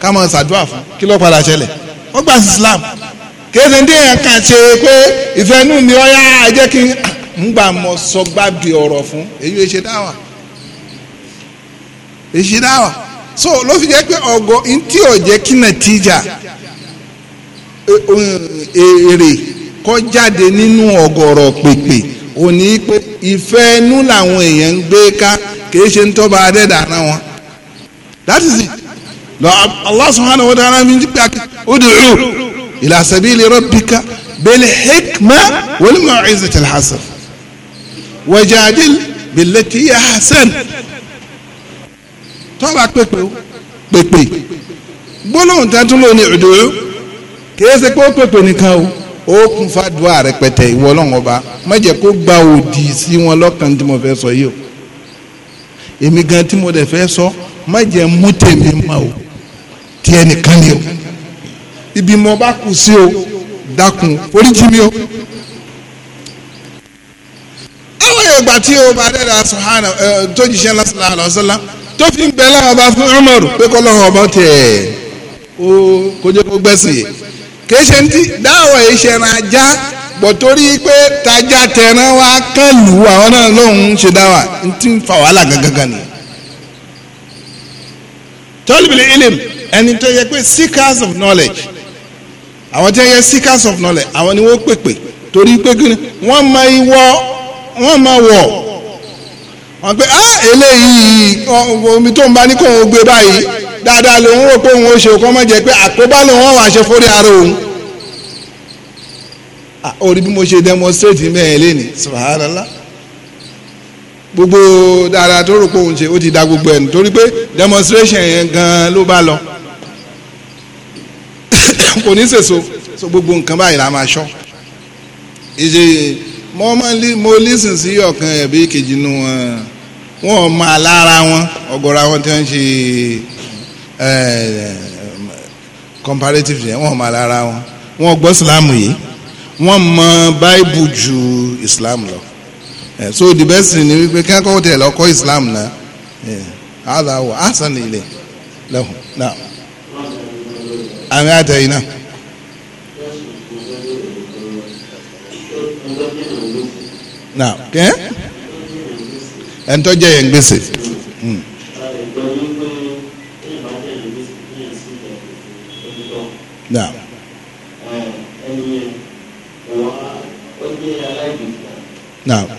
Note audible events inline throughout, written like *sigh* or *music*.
ká máa ṣàdúrà fún kí ló padà ṣẹlẹ̀ wọ́n gbà sí Islam kéde ní èèyàn kan ṣe pé ìfẹ́nú ni ó yá jẹ́ kí n gbà mọ̀ sọgbàbí ọ̀rọ̀ fún èyí ò ṣe dáwà èyí ṣe dáwà so ló fi jẹ́ pé ọ̀gọ̀ ntí ò jẹ́ kí nàtíjà èrè kó jáde nínú ọ̀gọ̀rọ̀ pèpè òní pé ìfẹ́ ìfẹ́nú làwọn èèyàn ń gbé ká kì í ṣe ń tọ́ba adẹ́dàá náà wọn that is it. Allah subhanahu wa ta'ala mi gbà ud'u ila sabili rabbika bil hikma wal mau'izati al hasan wajadil billati hiya ahsan tọ́ba pépè o pépè gbólóhùn tẹ́tún ló ní ud'u kìí ṣe pé ó pépè nìkan o ó kún fàdúrà rẹpẹtẹ ìwọ ọlọ́run ọba má jẹ́ kó gba òdì sí wọn lọ́kàn tí mo fẹ́ sọ yìí o èmi gan tí mo dẹ̀ fẹ́ sọ má jẹ́ mú tèmi mọ́ o tí ẹnìkan ni o ibi mo bá kù sí o dákun oríjì mi o. àwọn ìgbà tí o bá dẹ́ra sàhánà tó jíṣẹ́ lásìlá àlọ́sọ́lá tó fi ń bẹ láwọn ọba fún Umaru pé kọ́ lọ́wọ́ ọba tẹ̀ ẹ́ o kò jẹ́ kó gbẹ̀sìn yìí kìí ṣe ti dáwọ̀ ìṣẹ̀ràn ajá bọ̀ torí pé tajà tẹ̀ràn wa kàn lù àwọn náà lòun ṣe dáwà ń ti fa wàhálà gangan ni. tọ́lùbìlì ilim ẹni tó yẹ pé seekers of knowledge àwọn tí wọ́n yẹ seekers of knowledge àwọn ni wọ́n pèpè torí pé kí ni wọ́n máa wọ wọ́n máa wọ̀ wọ́n pe ah eléyìí omi tó ń bá ní kó òun gbé báyìí dáadáa lòun rò pé òun ó ṣe kó má jẹ́ pé àkóbá lòun wọ́n wàá ṣe fórí ara òun orí bí mo ṣe demonstrate mẹ́rin lẹ́ni subhanallah gbogbo dáadáa tó rò pé òun ṣe ó ti da gbogbo ẹ̀ nítorí pé demonstration yẹn gan-an ló bá lọ. *laughs* kò ní sèso so gbogbo nǹkan báyìí la máa sọ ìṣe mo máa lé mo lísìn sí ọ̀kan ẹ̀bí kejì nu wọn wọn máa lára wọn ọ̀gọ̀rọ̀ àwọn tí wọ́n ń ṣe comparative yẹn wọn máa lára wọn wọn gbọ́ sílámù yìí wọ́n mọ báìbù ju ìsìlámù lọ so the best thing ni wípé kí wọ́n kọ́ tẹ̀ lọ́kọ́ ìsìlámù náà àdàwọ̀ àṣà nìyí lẹ́hùn náà àárín àtẹ̀yìn náà. na kẹ́ ẹ̀ ń tọ́jú ẹ̀yẹ̀ ń gbèsè. na. na. na.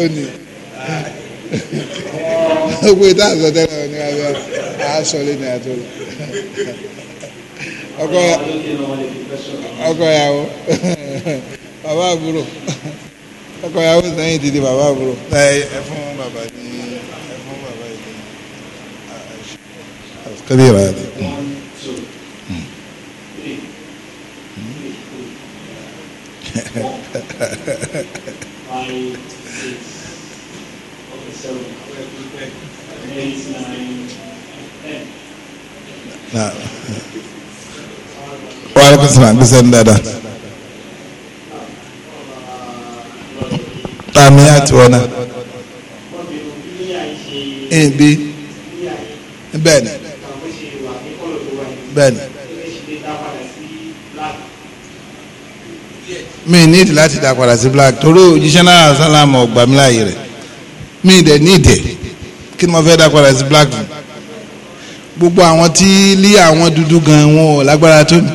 ó ní owó ìta àsọtẹ́lẹ̀ ní abẹ àásọlẹ ọkọ ọkọ ìyàwó bàbá àbúrò ọkọ ìyàwó sẹ́yìn di bàbá àbúrò. Five, six, So quick, quick, eight, nine, ten. Nah. Waalaikumsalam, bisa dada. Tami àti wọn náà. Ebi. Bẹ́ẹ̀ni. Bẹ́ẹ̀ni. Mi ní ìdí láti dá padà sí black torí òjíṣẹ́ náà sálámù ọgbàmíláyè rẹ̀ mi ì dẹ̀ ní ìdẹ̀ kí ni mo fẹ́ dá padà sí black man gbogbo àwọn tí lé àwọn dúdú gan wọn ò lágbára tó ni.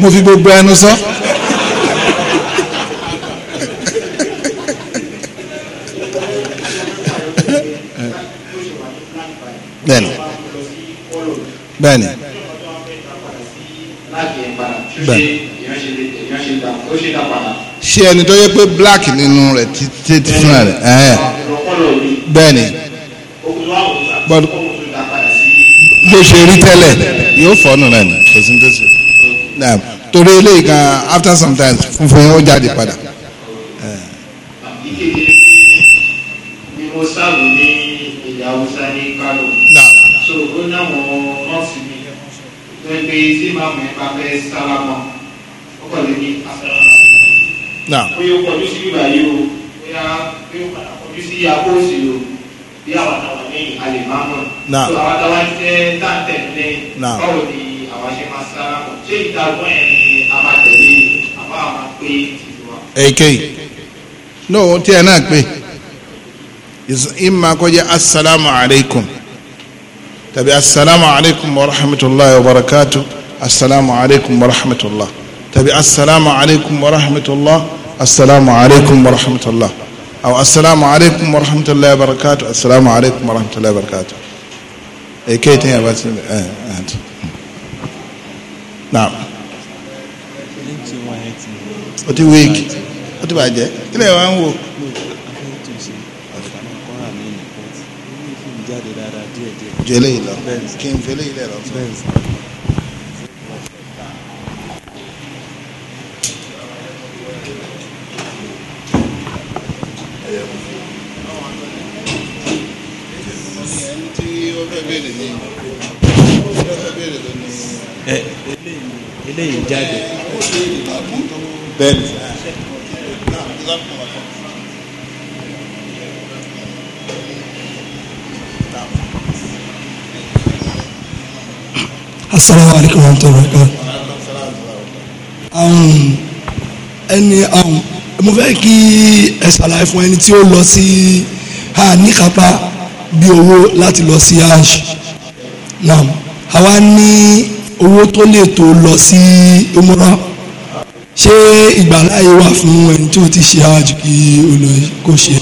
mo fi gbogbo ẹnu sọ. bẹ́ẹ̀ni bẹ́ẹ̀ni. tí ẹni tó yẹ pé black nínú rẹ̀ títí fúnra rẹ̀ bẹ́ẹ̀ ni bó ṣe rí tẹ́lẹ̀ yóò fọ́nù rẹ̀ ni kò sí tó ṣe torí eléyìí kan after sometimes, time funfun yẹn ó jáde padà. mo so bóyá ó kọjú sí ibà yìí o bóyá bí ó padà kọjú sí apó òsì o bí àwọn àtàwọn ní alẹ́ máa mọ̀ tó àwọn àtàwọn jẹ́ táǹtẹ̀ ní báwo ni àwọn ṣe máa sá ṣé ìdágbọ́n ẹ̀ ni a máa tẹ̀lé e? àbá àwọn pé tìlúwa. èyíkéyìí náà ohun tí ẹ náà pè ìmọ̀ akọ́jẹ́ asalaamu alaykum tàbí wa rahmatulahi wa barakatuh asalaamu wa rahmatulahi tàbí asalaamu wa rahmatulahi assalamu alaikum wa rahmatulah aw assalamu alaikum wa rahmatulah barakatu assalamu alaikum wa rahmatulah barakatu èyí kéyìí tẹ́yìn àbá ti ẹ̀ ẹ̀ naam o ti wéèkì o ti bàjẹ́ kí lè wá ń wò. jẹ́lẹ̀ yìí lọ kí n jáde bẹ́ẹ̀ni. asalaamualeykum wa rahmatulahi wa barakatuh. Um, ẹni um, mo fẹ́ kí ẹ ṣàlàyé fún ẹni tí ó lọ sí ha níkapá bí owó láti lọ sí hajj náà àwa ní owó tó lè tó lọ sí umura ṣé ìgbàláyé wà fún ẹni tí ó ti ṣe àjù kí ó lọ kó ṣe.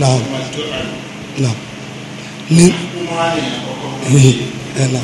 naam naam ní ẹ naam.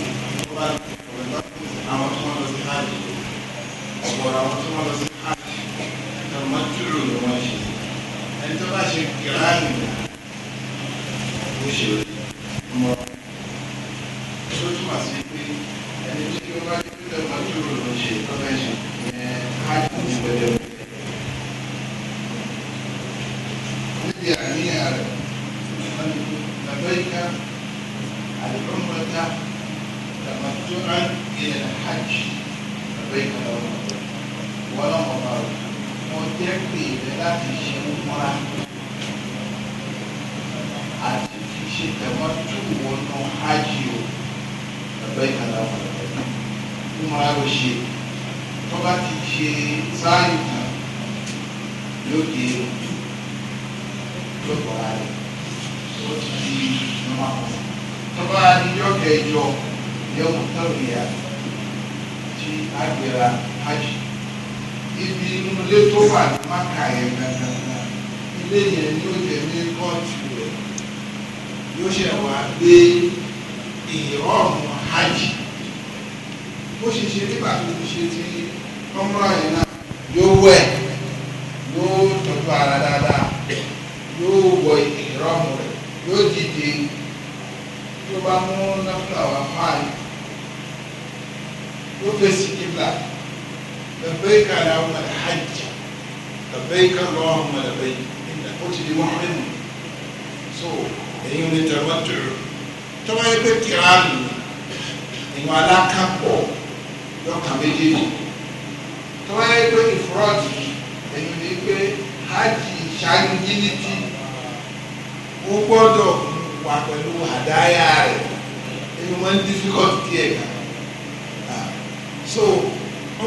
àgbèrà hajj ibi inú ilé tó wà ní maka yẹn gangan ilé yẹn ni ó jẹ́ ní kóòtù rẹ̀ yóò ṣe wá gbé ìrọ̀rùn hajj bó ṣe ṣe nígbà tó ti ṣe ti ọmọ yẹn náà yóò wẹ̀ yóò tọ́jú ara dáadáa yóò wọ ìrọ̀rùn rẹ̀ yóò dìde tó bá mú náfúlà wá fáàlì yóò fèsì الله لبيك اللهم الحج لبيك اللهم لبيك إن الحج محرم so èyí ni tẹ̀wọ́tò tọ́wọ́ yẹ pé kìránù ìwọ̀n alákàpọ̀ lọ́kàn méjèèjì tọ́wọ́ yẹ pé ìfúrọ́jì èyí ni pé hajj ṣáńgílítì ó gbọ́dọ̀ wà pẹ̀lú àdáyà rẹ̀ èyí wọ́n ń difficult díẹ̀ kan so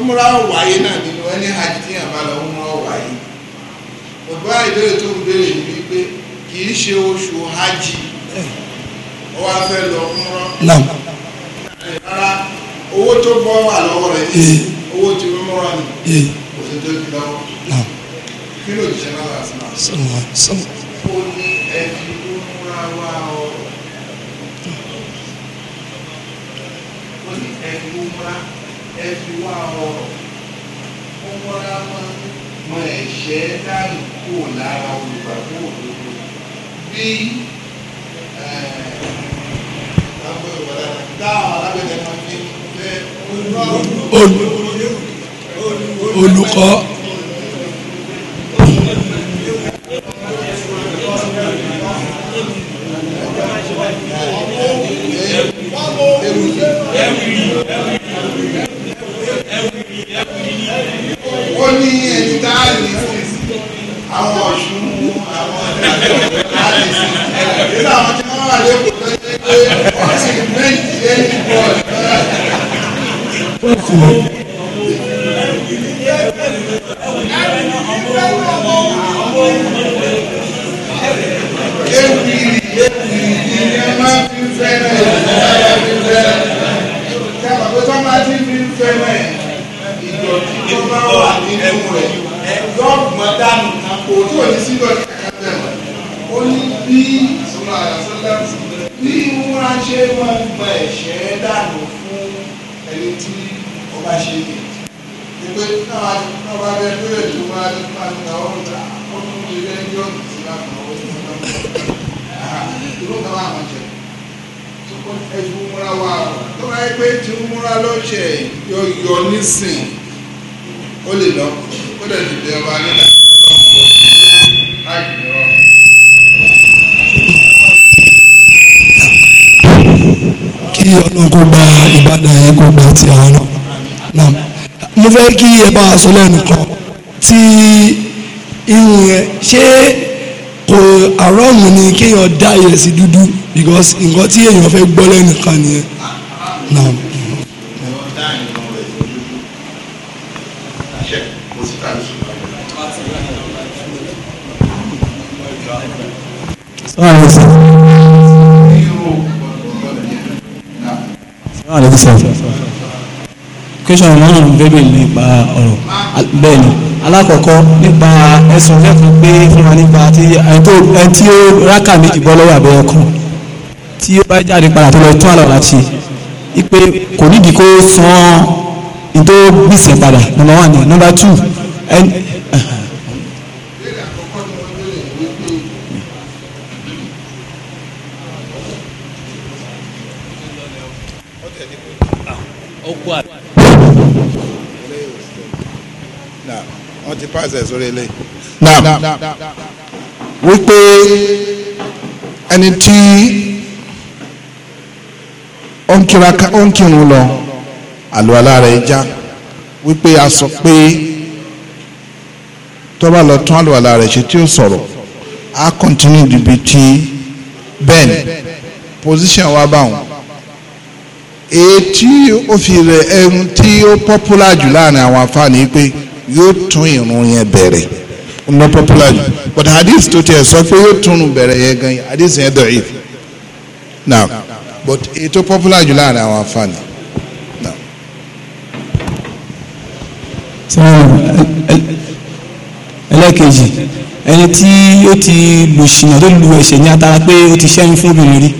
ọmọra wáyé náà nínú ẹni hajj tí yàn bá lọ ọmọra wáyé bàbá ìbéèrè tó ń béèrè yìí wípé kì í ṣe oṣù hajj ó wá fẹ́ lọ ọmọra rárá owó tó bọ́ wà lọ́wọ́ rẹ̀ ní eh. owó tí ọmọra ni eh. kò sì tó ti lọ́wọ́ kí ló ti ṣe náà láti máa ó ní ẹni ọmọra wá ọ ó ní ẹni ọmọra ẹ fi wá ọrọ̀ ó mọ́ra mọ́ mọ ẹ̀ṣẹ́ dànù kúrò lára olùgbàgbọ́ òdodo bí olùkọ́. ní ẹni tá a lè sè sí àwọn ọ̀ṣun àwọn ẹ̀rọ tá a lè sè sí nínú àwọn tí wọ́n wà lẹ́kọ̀ọ́ tó ṣe pé wọ́n sì méjì lẹ́yìn bọ́ọ̀lù náà. sìn ó lè lọ ó lè dìde ọba nílẹ̀ kí ọlọ́run kó gba ìbádàn yẹn kó gba ti àwọn náà mo fẹ́ kí ẹ bá a sọ tí irun yẹn ṣé kò àrọ́ọ̀mù ni kéèyàn dá ìrẹsì dúdú because nǹkan tí èèyàn fẹ́ gbọ́ lẹ́nu kan nìyẹn. clarification lọ́rùn bébì nípa ọ̀rọ̀ bẹ́ẹ̀ ni alákọ̀ọ́kọ́ nípa ẹ̀sùn lẹ́kùn pé fún wa nípa tí ẹ tí ó rákà méjì bọ́ lọ́wọ́ àbẹ́ ọkàn tí ó bá jáde padà tó lọ tún àlọ́lá ṣe ipe kò nídìí kó san ìdó gbèsè padà nọ́mbà one nọ́mbà two Now sórí ilé. naam wípé ẹni tí ó ń kiraka ó ń kírun lọ àlùwàlá rẹ̀ já wípé a sọ pé tó lọ tún àlùwàlá rẹ̀ ṣe tí ó sọ̀rọ̀ a continue níbi tí bẹ́ẹ̀ ni position wa báwọn èyí tí ó fi rẹ̀ ẹnu tí ó popular jù láàrin àwọn afáàní pé yóò tún irun yẹn bẹ̀rẹ̀ no popular ju but hadith tó tiẹ̀ sọ pé yóò tún irun bẹ̀rẹ̀ yẹn gan hadith yẹn dọ̀yìí now but ètò popular ju láàrin àwọn afáàní. ẹlẹ́kejì ẹni tí ó ti lù ṣìnà tó lu ẹ̀ṣẹ̀ ní atara pé ó ti ṣẹ́yìn fún obìnrin rí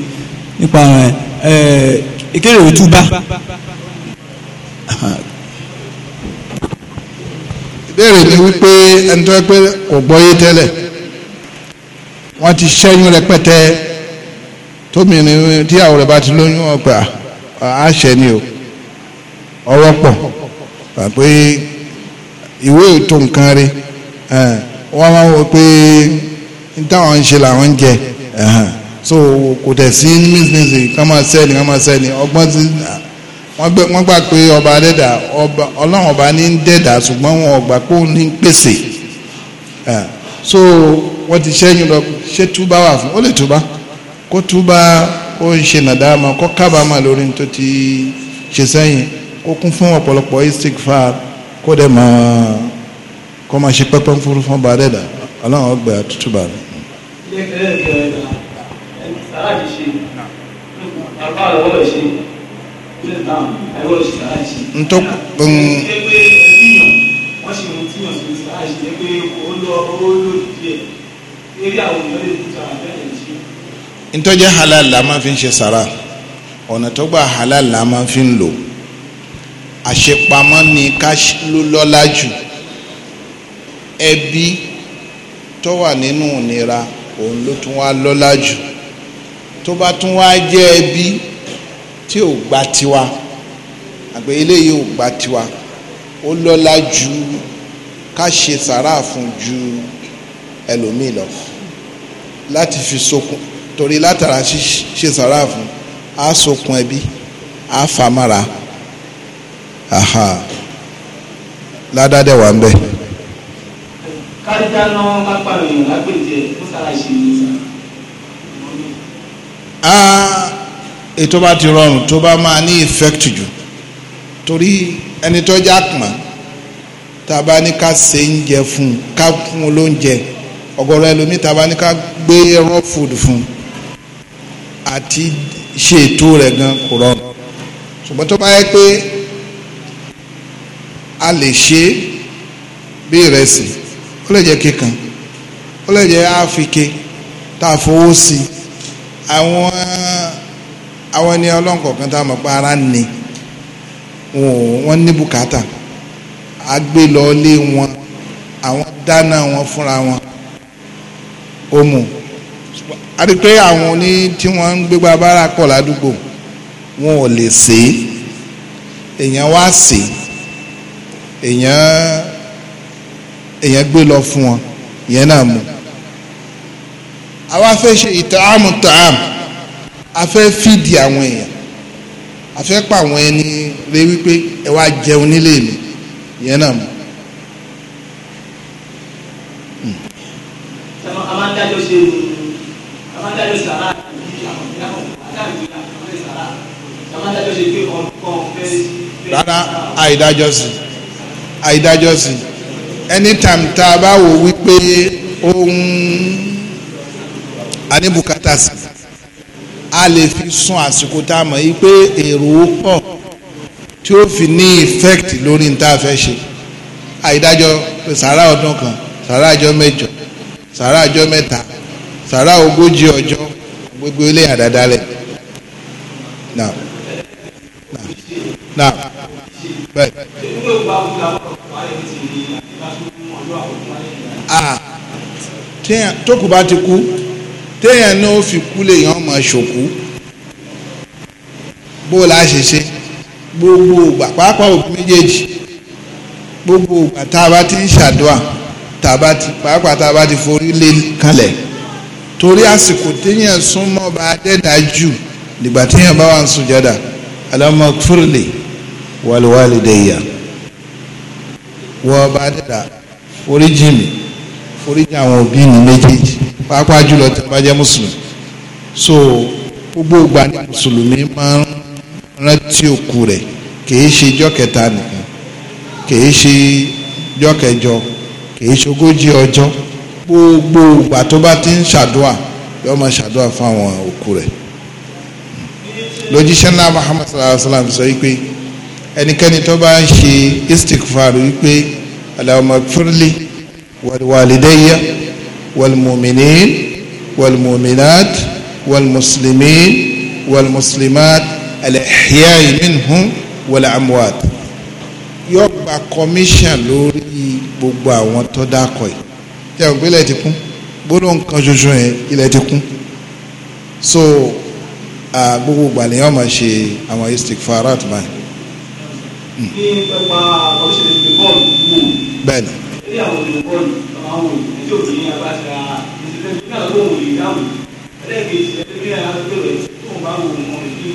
nípa ẹ̀ ẹ̀ ìkéré òtúbá *laughs* ìbéèrè ni wípé ẹni tó yẹ pé kò gbọ́yé tẹ́lẹ̀ wọ́n ti ṣẹ́yún rẹpẹtẹ tómìnrin tíyàwó rẹ̀ bá ti lóyún ọ̀pẹ́ àṣẹ ni o ọwọ́ pọ̀ pàpé ìwé ètò nǹkan rí wọ́n máa ń wọ pé táwọn ń ṣe làwọn ń jẹ so kò tẹ̀ sí mísìnyìnsìn ká máa sẹ́ni ká máa sẹ́ni ọgbọ́n ti wọ́n gbà pé ọba adẹ́dà ọlọ́run ọba ní ń dẹ́dà ṣùgbọ́n wọn gbà pé òun ní ń pèsè so wọ́n ti ṣẹ́yìn lọ ṣé túbá wà fún ó lè túbá kó túbá ó ń ṣe nàdáàmà kó kábàámà lórí tó ti ṣe sẹ́yìn kó kún fún ọ̀pọ̀lọpọ̀ istighfar kó dẹ̀ mọ́ kó máa ṣe pẹ́pẹ́ fúru fún ọba adẹ́dà ọlọ́run ọgbà tútù bá rẹ̀. ilé ìfẹ́ ẹ̀rọ ẹ̀rọ ẹ̀rọ ẹ̀rọ ẹ̀rọ ntọ́kù halal la máa fi ń ṣe halal la fi ń lò àṣepamọ́ ni ká jù ẹbí tó wà nínú ìnira òun ló tún wá jù tó bá tún wá jẹ́ ẹbí. tí ò gba tiwa àgbẹ̀ eléyìí ò gba tiwa ó lọ́lá ju ká ṣe sàrà fún ju ẹlòmíì lọ láti fi sokun torí látara ṣe sàrà fún á sokun ẹbí á famara aha ládàdẹ wà ń bẹ. káríta náà pàrọ̀ yàn lágbèjẹ ó sára ṣe é nìyí ètò bá ti rọrùn tó bá máa ní effect jù torí ẹni tó já pọ̀n tá a bá ní ká ṣe oúnjẹ fún un ká fún un lóúnjẹ ọ̀gọ̀rọ̀ ẹlòmíì tá a bá ní ká gbé raw food fún un àti ṣe ètò rẹ̀ gan kò rọrùn ṣùgbọ́n tó bá yẹ pé a lè ṣe bí ìrẹsì ó lè jẹ́ kíkan ó lè jẹ́ àfikè tá a fowó sí àwọn àwọn ẹni ọlọ́nkọ̀ọ̀kan tá a mọ̀ pé ara ni wọ́n ní bùkátà a gbé lọ lé wọn àwọn dáná wọn fúnra wọn ó mú a rí pé àwọn oní tí wọ́n ń gbégbá bára pọ̀ ládùúgbò wọn ò lè sè é èèyàn wá sè é èèyàn èèyàn gbé lọ fún wọn ìyẹn náà mú àwa fẹ́ ṣe ìtààmù tààmù a fẹ́ fìdí àwọn èèyàn a fẹ́ pa àwọn ẹni lé wípé ẹ wá jẹun nílé mi ìyẹn náà mọ. Hmm. amádájọ́ ṣe ni amádájọ́ sàrà amádájọ́ ṣe pé ọ̀kan fẹ́ẹ́. rárá àìdájọ́ sí àìdájọ́ sí anytime tá a bá wò wípé ohun anibukata sí a lè fi sun àsìkò tá a mọ̀ yìí pé èrò pọ̀ tí ó fi ní effect lórí ní tá a fẹ́ ṣe àìdájọ́ sàrà ọdún kan sàrà àjọ mẹ́jọ sàrà àjọ mẹ́ta sàrà ogójì ọjọ́ gbogbo ilé àdáda rẹ̀ nà nà bẹ́ẹ̀. ah tókù bá ti kú téèyàn náà fi kú lèèyàn máa ṣòkú bó la ṣe ṣe gbogbo ògbà pàápàá òbí méjèèjì gbogbo ògbà tá a bá ti ń ṣàdúrà tá a bá ti pàápàá tá a bá ti forí lé kalẹ̀ torí àsìkò téèyàn súnmọ́ bá dẹ́dà jù nígbà téèyàn bá wà ń sùjádà alámọ̀ fúrúlé wàlúwàlúdẹ̀yà wọ́n bá dẹ́dà foríjì mi foríjì àwọn òbí mi méjèèjì pàápàá jùlọ tí a bá jẹ́ mùsùlùmí so gbogbo ìgbà ni mùsùlùmí máa ń rántí òkú rẹ̀ kìí ṣe ijọ́ kẹta nìkan kìí ṣe ijọ́ kẹjọ kìí ṣe ogójì ọjọ́ gbogbo ìgbà tó bá ti ń ṣàdúà yóò máa ṣàdúà fún àwọn òkú rẹ̀ lójíṣẹ́ ńlá Muhammad sallallahu alayhi wa sallam sọ wípé ẹnikẹ́ni tó bá ń ṣe istikfar wípé Allahumma gfirli wa liwalidayya. والمؤمنين والمؤمنات والمسلمين والمسلمات الاحياء منهم والأموات yóò كوميشن لوري lórí gbogbo àwọn tó dákọ̀ yìí tẹ́ ò gbélé ti kún gbóló nǹkan ṣoṣo yẹn ilẹ̀ ti kún so gbogbo gbàlẹ́ yẹn máa ṣe àwọn istikfarat báyìí. Hmm. ní pẹpẹ àwọn òṣèlú bọ́ọ̀lù. bẹ́ẹ̀ni. ní àwọn òṣèlú bọ́ọ̀lù àwọn èèyàn tí òun ní abáṣà ìṣẹ̀lẹ̀ nígbà tó òun lè dáhùn ẹlẹ́gbẹ̀ẹ́sì ẹlẹ́gbẹ̀ẹ́ alágbèrè tó òun bá wò mọ́ ìdí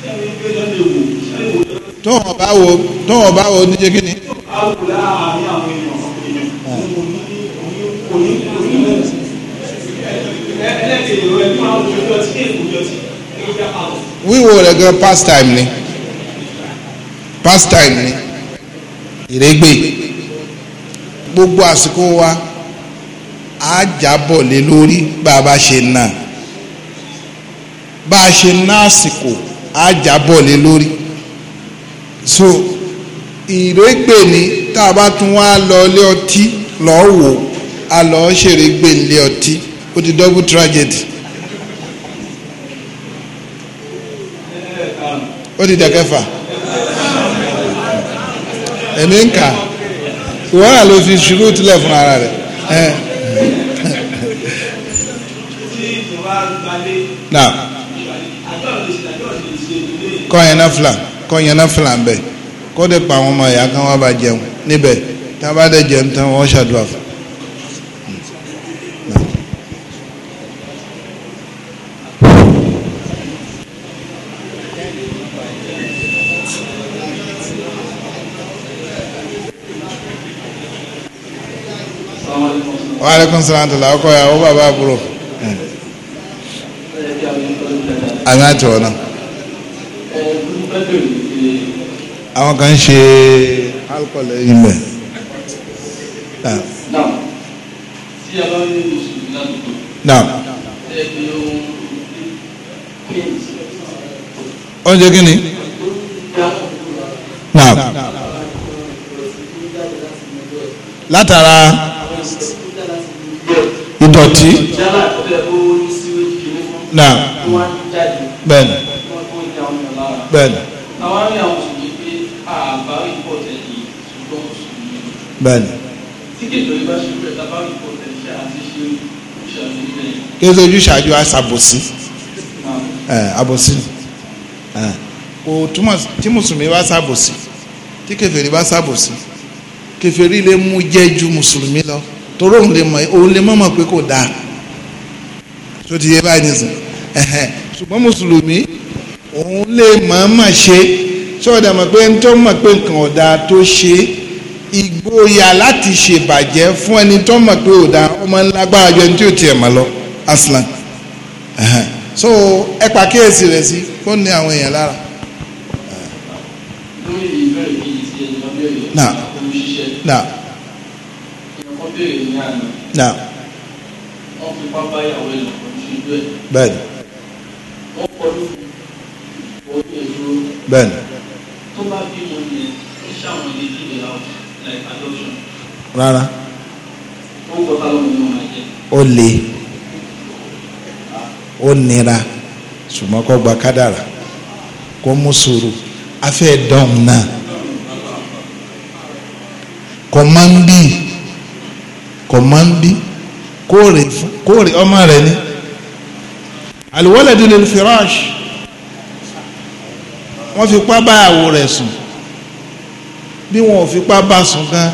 sẹ́yìn pé lọ́dẹ wò sẹ́yìn wò lọ́dẹ. tó wọn bá wo tó wọn bá wo níjẹ kí ni. wíwo rẹ̀ gan pastime ni pastime ni ìrẹ́gbẹ́ gbogbo àsìkò wa á jábọ̀ lé lórí bá a bá ṣe na bá a ṣe ná àsìkò á jábọ̀ lé lórí so ìrégbè ni tá a bá tún wá lọ lé ọtí lọ́ọ́ wò a lọ́ọ́ ṣèrégbè lé ọtí ó di double tragedy. ó di dẹ̀kẹfà ẹ̀mí ń kà wọ́n rà ló fi ṣùrù tilẹ̀ fún ara rẹ̀. náà kọ́yìn náà fìlà kọ́yìn náà fìlà ń bẹ̀ kó pa àwọn ọmọ ìyá kan wọ́n bá jẹun níbẹ̀ bá wa salaam ọkọ àgán tí wọn náà. àwọn kan ṣe alcohol ẹyin ah. bẹ. oúnjẹ kí ni. látara ìdọ̀tí. náà. bẹ́ẹ̀ni. kí ló ojú ṣáájú àṣàbòsí àbòsí kò túmọ̀ tí mùsùlùmí bá ṣàbòsí tí kèfèrí bá ṣàbòsí kèfèrí lè mú jẹ́ ju mùsùlùmí lọ torí òun lè mọ̀ òun lè mọ̀ mọ̀ pé kò dáa tó ti yé báyìí nìsín ṣùgbọ́n mùsùlùmí òun lè mọ̀ mọ̀ ṣe sọ̀dà mọ̀ pé ń tó mọ̀ pé nǹkan ọ̀dà tó ṣe é ìgboyà láti ṣèbàjẹ́ fún ẹni tó mọ̀ pé ò dáa ọmọ ńlágbára ju ẹni tí ò tiẹ̀ mọ̀ lọ aslan so ẹ pàkíyèsí rẹ̀ sí kó ní àwọn èèyàn lára. na na na. bẹ́ẹ̀ni. bẹ́ẹ̀ni like adoption. rárá. ó ń kọta lọ́mọ ní ọmọ ẹ̀jẹ̀. ó le ó nira ṣùgbọ́n kó gba kádàrà kó mú sùúrù afẹ́ dán náà kò máa ń bí kò máa ń bí kóòrè kóòrè ọmọ rẹ ni al waladu lil firash wọ́n fi pa rẹ̀ sùn. bí wọn ò fipá bá sùn gan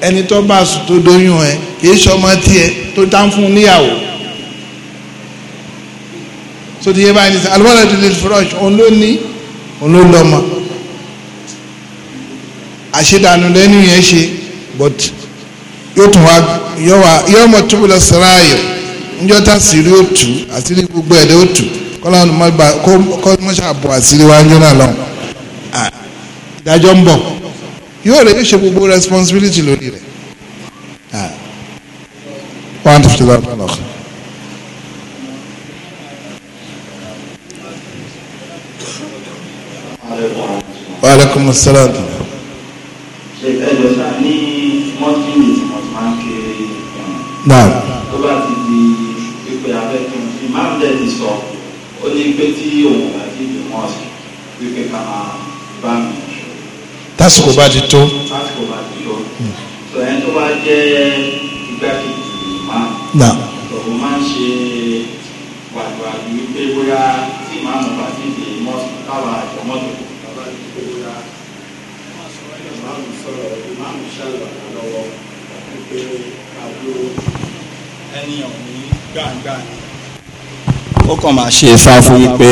ẹni tó bá sùn tó ẹ kì í ṣọmọ tó fún níyàwó so yẹ báyìí nísìnyí alùpàdé tó lè fúrọ́ọ̀ṣì òun ló ní òun ló lọ́mọ àṣedànù lẹ́nu ṣe but yóò tún yóò mọ̀ tóbi lọ sọ́ra ayọ̀ tá sírí gbogbo ẹ̀dẹ́ ìdájọ́ ń bọ̀. yóò rẹ̀ yóò ṣe gbogbo responsibility lórí rẹ̀ wọ́n á ti fi lọ́wọ́ lọ́kàn. wa aleykum salaam. ṣe ẹjọ sá ní mọ́tìmì tí mo máa ń kéré náà tó bá ti di pípẹ́ abẹ́kùn imam dẹ́ni sọ ó ní pé tí òun àti ìgbìmọ̀ ọ̀sìn wípé ká máa bá mi lásìkò bá ti tó. lásìkò bá ti tó sọ yẹn tó bá jẹ́ igbákejì máa lọ́wọ́ máa ń ṣe wàdùwà yìí pé bóyá tí màá mú bá ti dé mọ́tò káwa àjọ mọ́tò bàbá ti pé bóyá ìmáàmù sọ̀rọ̀ ìmáàmù ṣàlùwà lọ́wọ́ pé àbúrò ẹni ọ̀hún gbàǹgbà ó kàn máa ṣe ìfáfú wípé.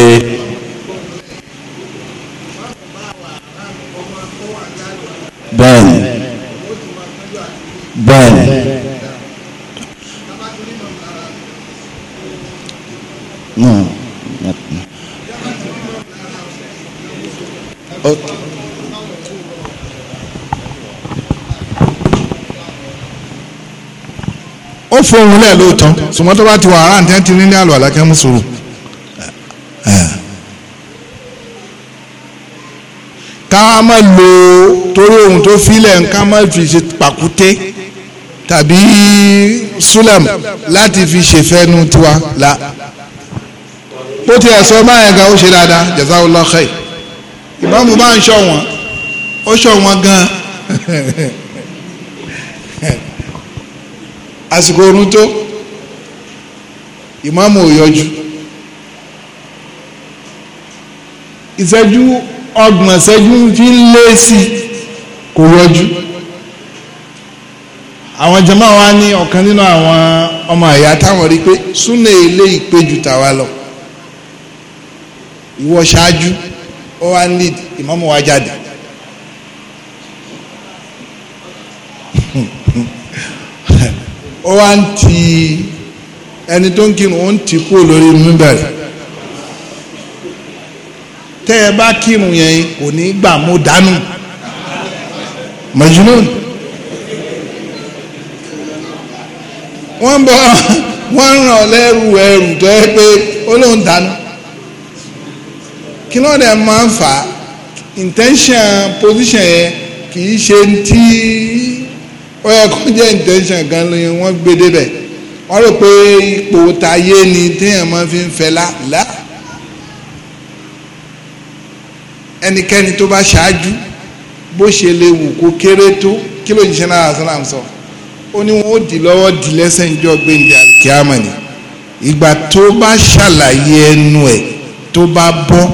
fóun lẹ̀ lóòótọ́ ṣùgbọ́n tó bá ti wà ara ǹtẹ́ ti ní ní àlọ́ àlàkẹ́ mú sùúrù. ká má lo torí ohun tó filẹ̀ ká má fi ṣe pàkúté tàbí sulam láti fi ṣèfẹ́nu tiwa la ó ti ẹ̀sọ́ báyẹn gan ó ṣe dáadáa jazakallahu khair ìbámu bá ń ṣọ wọn ó ṣọ gan-an. *laughs* àsìkò oorun tó ìmáàmù ò yọjú ìṣẹ́jú ọgbọ̀n ìṣẹ́jú fi ń lé sí kò yọjú àwọn jama wa ní ọ̀kan nínú àwọn ọmọ ẹ̀yà táwọn rí pé súnà ilé ìpéjú tàwa lọ ìwọ ṣáájú ó wá ní ìmáàmù wa jáde ó wá ń ti ẹni tó ń kírun ó ń ti kú lórí mímbẹ̀rẹ̀ tẹ́ ẹ bá kírun yẹn kò ní gbà mú dánú majnun wọ́n bọ́ wọ́n ràn lẹ́rù ẹrù tó yẹ pé ó lóun dánú kí ló máa ń fà intention position yẹn kì í ṣe ti ó yẹ kó jẹ́ intention gan lóye wọ́n gbé débẹ̀ wọ́n rò pé ipò tayé ni téèyàn máa fi ń fẹ́ la la ẹnikẹ́ni tó bá ṣáájú bó ṣe lè wù kó kéré tó kí ló ń ṣe náà sọ́nà sọ ó ní wọn ó dì lọ́wọ́ dì lẹ́sẹ̀ ń jọ gbẹ̀ǹdẹ̀ ni ìgbà tó bá ṣàlàyé ẹnu ẹ̀ tó bá bọ́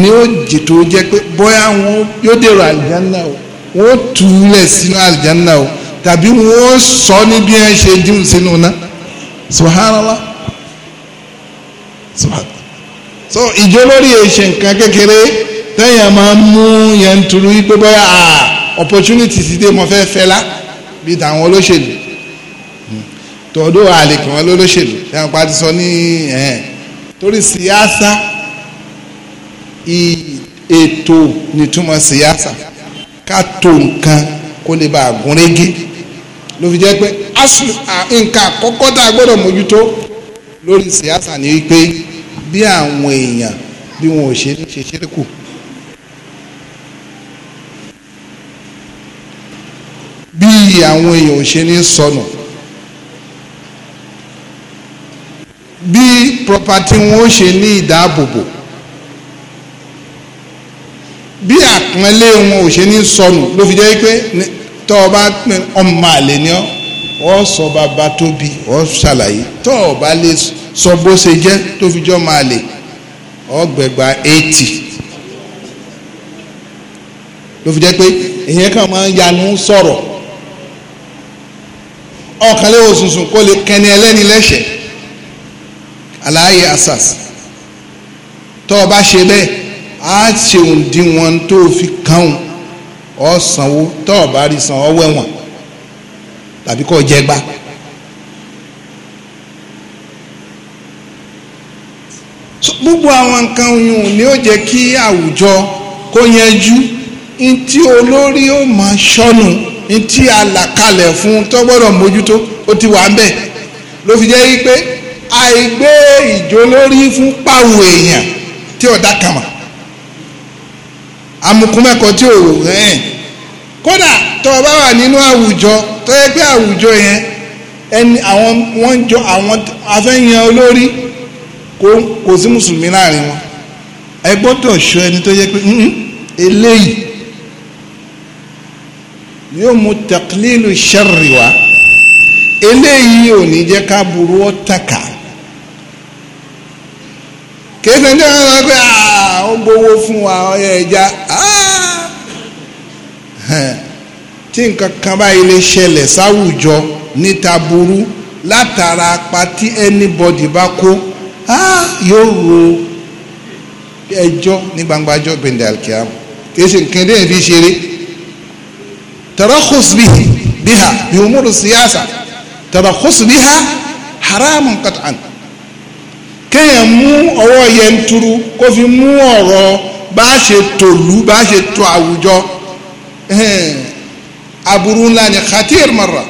ni ó jì tó jẹ́ pé bóyá wọn yóò dèrò àlùjánnà o wọ́n tù ú lẹ̀ sínú àlìjánná o tàbí wọ́n sọ ní bí wọ́n ṣe dín sínú ná subhanallah subhanallah so ìjọ lórí èṣe nǹkan kékeré tẹ́yìn máa ń mú yẹn turu pé bóyá opportunity ti dé mo fẹ́ fẹ́ la bí tàwọn olóṣèlú hmm. tọ́dọ̀ àlèkàn olóṣèlú yẹn pàdé sọ ní torí síyáṣá ètò nìtúmọ̀ síyáṣá ká tó nǹkan kó lè bá a gún régé ló fi jẹ́ pé nǹkan àkọ́kọ́ tá a gbọ́dọ̀ mójútó lórí sìyásà ni wípé bí àwọn èèyàn bí wọn ò ṣe ní ṣe ṣe kù. bí àwọn èèyàn ò ṣe ní sọnù bí property wọn ò ṣe ní ìdáàbòbò bí àpọ́nlé wọn ò ṣe ní sọnù ló fi jẹ́ pé tọ́ ọ bá pín ọmọ àlè ni ọ́ ọ sọ bàbá tóbi ọ ṣàlàyé tọ́ ọ bá lè sọ bó ṣe jẹ́ tó fi jọ́ máa lè ọgbẹ̀gba eighty ló fi jẹ́ pé èyàn kan máa ń yanu sọ̀rọ̀ ọkàn lè wò sùnsùn kó lè kẹni ẹlẹ́ni lẹ́sẹ̀ aláàyè asas tọ́ ọ bá ṣe bẹ́ẹ̀ á ṣe òǹdíwọ̀n tó fi kàn ọ́ sanwó tó o bá rí san ọ́ wẹ̀wọ̀n tàbí kó o jẹ gbá. gbogbo àwọn nǹkan oyún ni ó jẹ́ kí àwùjọ kó yanjú ntí olórí ó máa ṣọ́nù ntí àlàkalẹ̀ fún tó gbọ́dọ̀ mójútó ó ti wà ń bẹ̀ ló fi jẹ́ wípé àìgbé ìjólórí fún pàwọ̀ èèyàn tí ọ̀dà kàmà amukumẹ́kọ tí ò rò rẹ́ẹ̀ kódà tó o bá wà nínú àwùjọ tó yẹ pé àwùjọ yẹn ẹni àwọn wọ́n jọ àwọn afẹ́yàn olórí kò sí mùsùlùmí láàrin wọn ẹ gbọ́dọ̀ ṣọ ẹni tó yẹ pé eléyìí yóò mú taqlilu sharri wá eléyìí ò ní jẹ́ ká burú ọ́ tàkà kí ẹ sẹ́ni tí wọ́n pé àà. Ah, ó gbowó fún wa ọyọ ẹja ah! tí nǹkan kan báyìí lè ṣẹlẹ̀ sáwùjọ níta burú látara apá tí anybody bá kó ah! yóò ro ẹjọ́ ní gbangba ẹjọ́ gbẹ̀ndẹ̀ alkiam kì í ṣe nǹkan dẹ́yìn fi ṣeré tarakhus biha bi umuru siyasa tarakhus biha haramun qat'an kéèyàn mú ọwọ́ yẹnturu kó fi mú ọ̀rọ̀ bá a ṣe tòlú bá a ṣe tò àwùjọ aburú ńlá ni khatir mara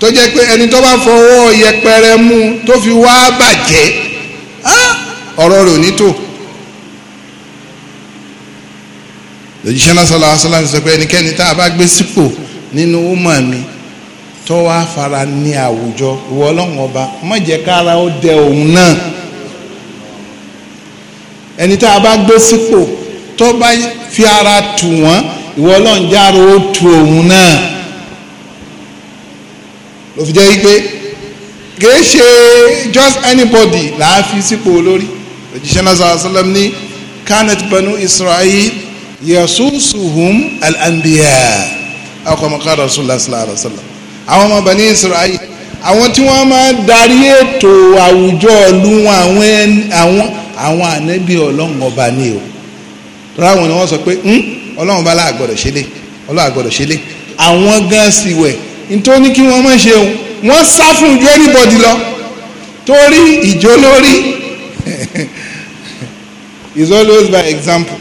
tó jẹ́ pé ẹni tó bá fọwọ́ yẹpẹrẹ mú tó fi wá bàjẹ́ ọ̀rọ̀ rẹ̀ ò ní tó. lójúṣẹ́ náà sọ̀rọ̀ àṣọlá mi sọ pé ẹnikẹ́ni tá a bá gbé sípò nínú ọmọ mi tó wá ní àwùjọ ìwọ ọlọ́run ọba má jẹ́ kára ó dẹ òun náà ẹni tá a bá gbé sípò tó bá fi ara tù wọ́n ìwọ ọlọ́run járe ó tu òun náà ló fi jẹ́ wípé kìí ṣe just anybody là á fi sípò olórí òjíṣẹ́ náà sọ̀rọ̀ sọ́lọ́m ní kanat banu israel yasusuhum al-anbiya akọ̀mọ̀kọ́ rasulullah sallallahu alaihi wa sallam àwọn ọmọ bani israel àwọn tí wọ́n máa darí ètò àwùjọ ìlú wọn àwọn àwọn ànábì ọlọ́run ọba ni o tọ́lá wọn ni wọ́n sọ pé hmm, ọlọ́run ọba láàgbọ̀dọ̀ ṣe lé ọlọ́run àgbọ̀dọ̀ ṣe lé àwọn gan sì wẹ̀ nítorí kí wọ́n má ṣe o wọ́n sá fún ju anybody lọ torí ìjó lórí is *laughs* always by example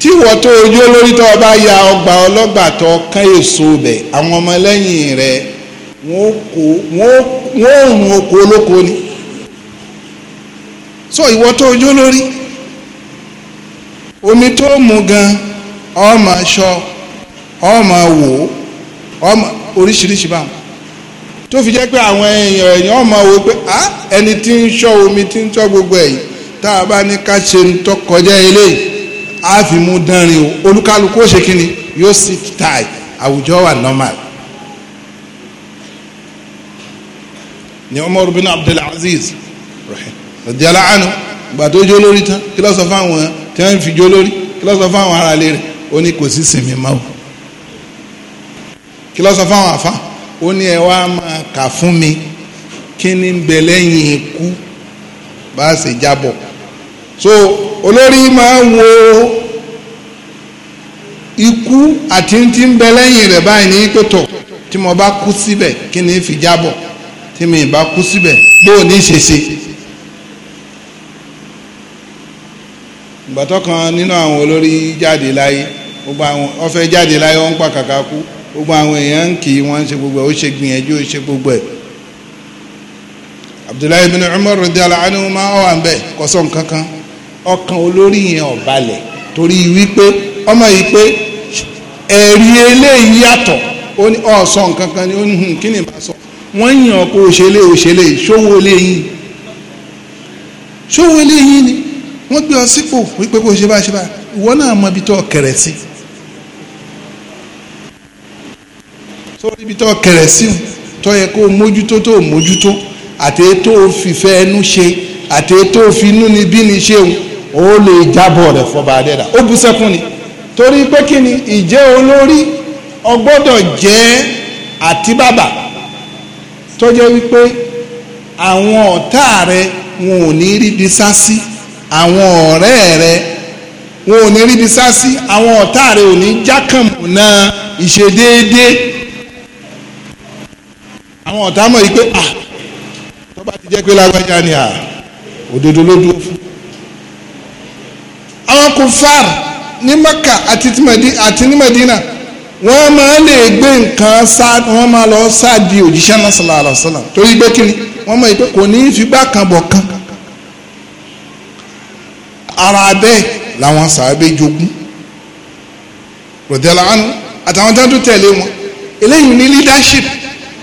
tí wọ́n tó ojú olórí tó ọba ya ọgbà ọlọ́gbà tó kán èso bẹ̀ àwọn ọmọlẹ́yìn rẹ̀ wọ́n kó wọ́n wọ́n rùn oko olóko ni so ìwọ tó ojú lórí omi tó mu gan ọmọ aṣọ ọmọ wò ọmọ oríṣiríṣi báwọn tó fi jẹ́ pé àwọn èèyàn èèyàn ọmọ wo pé á ẹni tí ń ṣọ́ omi tí ń ṣọ́ gbogbo ẹ̀yìn tá a bá ní ká ṣe ń tọkọjá eléyìí á fi mú dánrin o olúkálukú ó ṣe kí ni yóò sì tà àwùjọ wà normal. Ni Umar bin Abdul Aziz radiyallahu anhu gbà tó jó lórí tán kí ló sọ fáwọn tí wọ́n fi jó lórí kí ló sọ fáwọn aráalé rẹ̀ ó ní kò sí sinmi mọ́ o kí ló fáwọn àfa ó ní ẹ wá máa kà fún mi kí ni ń bẹ lẹ́yìn ikú bá ṣe jábọ̀ so olórí máa ń wo ikú àti ti ń bẹ lẹ́yìn rẹ̀ báyìí ní pẹ̀tọ̀ tí mo bá kú síbẹ̀ kí ni ń fi jábọ̀ tí mi bá kú síbẹ̀ bó o ní ṣe ṣe. ìgbàtọ́ kan nínú àwọn olórí jáde láyé gbogbo àwọn ọfẹ jáde láyé wọn ń pa kàkà kú gbogbo àwọn èèyàn ń kì í wọn ń ṣe gbogbo ẹ ó ṣe gbìyànjú ó ṣe gbogbo ẹ. Abdullahi bin Umar radiyallahu anhu máa ń wà ń kọsọ nǹkan kan ọkàn olórí yẹn ò torí wípé ọmọ yìí pé ẹ̀rí eléyìí yàtọ̀ ó nǹkan kan ni ó ní hmm, kí ni ìbá sọ wọ́n yàn kó òṣèlé òṣèlé ṣówó eléyìí ṣówó eléyìí ni wọ́n gbé ọ sípò wípé kó ṣe bá ṣe bá ìwọ náà mọ ibi tó kẹrẹ sí sórí ibi tó kẹrẹ sí tó yẹ kó mójútó tó mójútó àti tó fìfẹ́ ẹnu ṣe àti tó finú ni bí ni ṣe ó lè jábọ̀ rẹ̀ fọba adẹ́ra ó bu sẹ́kún ni torí pé kí ni ìjẹ́ olórí ọgbọ́dọ̀ jẹ́ àtíbàbà tó jẹ́ wípé àwọn ọ̀tá rẹ wọn ò ní rí bi sá sí àwọn ọ̀rẹ́ rẹ wọn ò ní rí bi sá sí àwọn ọ̀tá rẹ ò ní jákàmùnà ìṣedéédé àwọn ọ̀tá mọ̀ yìí pé ah tó bá ti jẹ́ pé lágbájá ni ah òdodo ló dúró fún àwọn kò far ní Mẹ́kà àti ní wọ́n máa lè gbé nǹkan sá wọ́n máa lọ sáàdì òjíṣẹ́ náà sallallahu alaihi wasallam torí pé kíni wọ́n mọ̀ pé kò ní í fi gbàkan bọ̀ kan ara bẹ́ẹ̀ làwọn sàábé jogún rọ̀dẹ́lá ánú àtàwọn tó tẹ̀lé wọn eléyìí ní leadership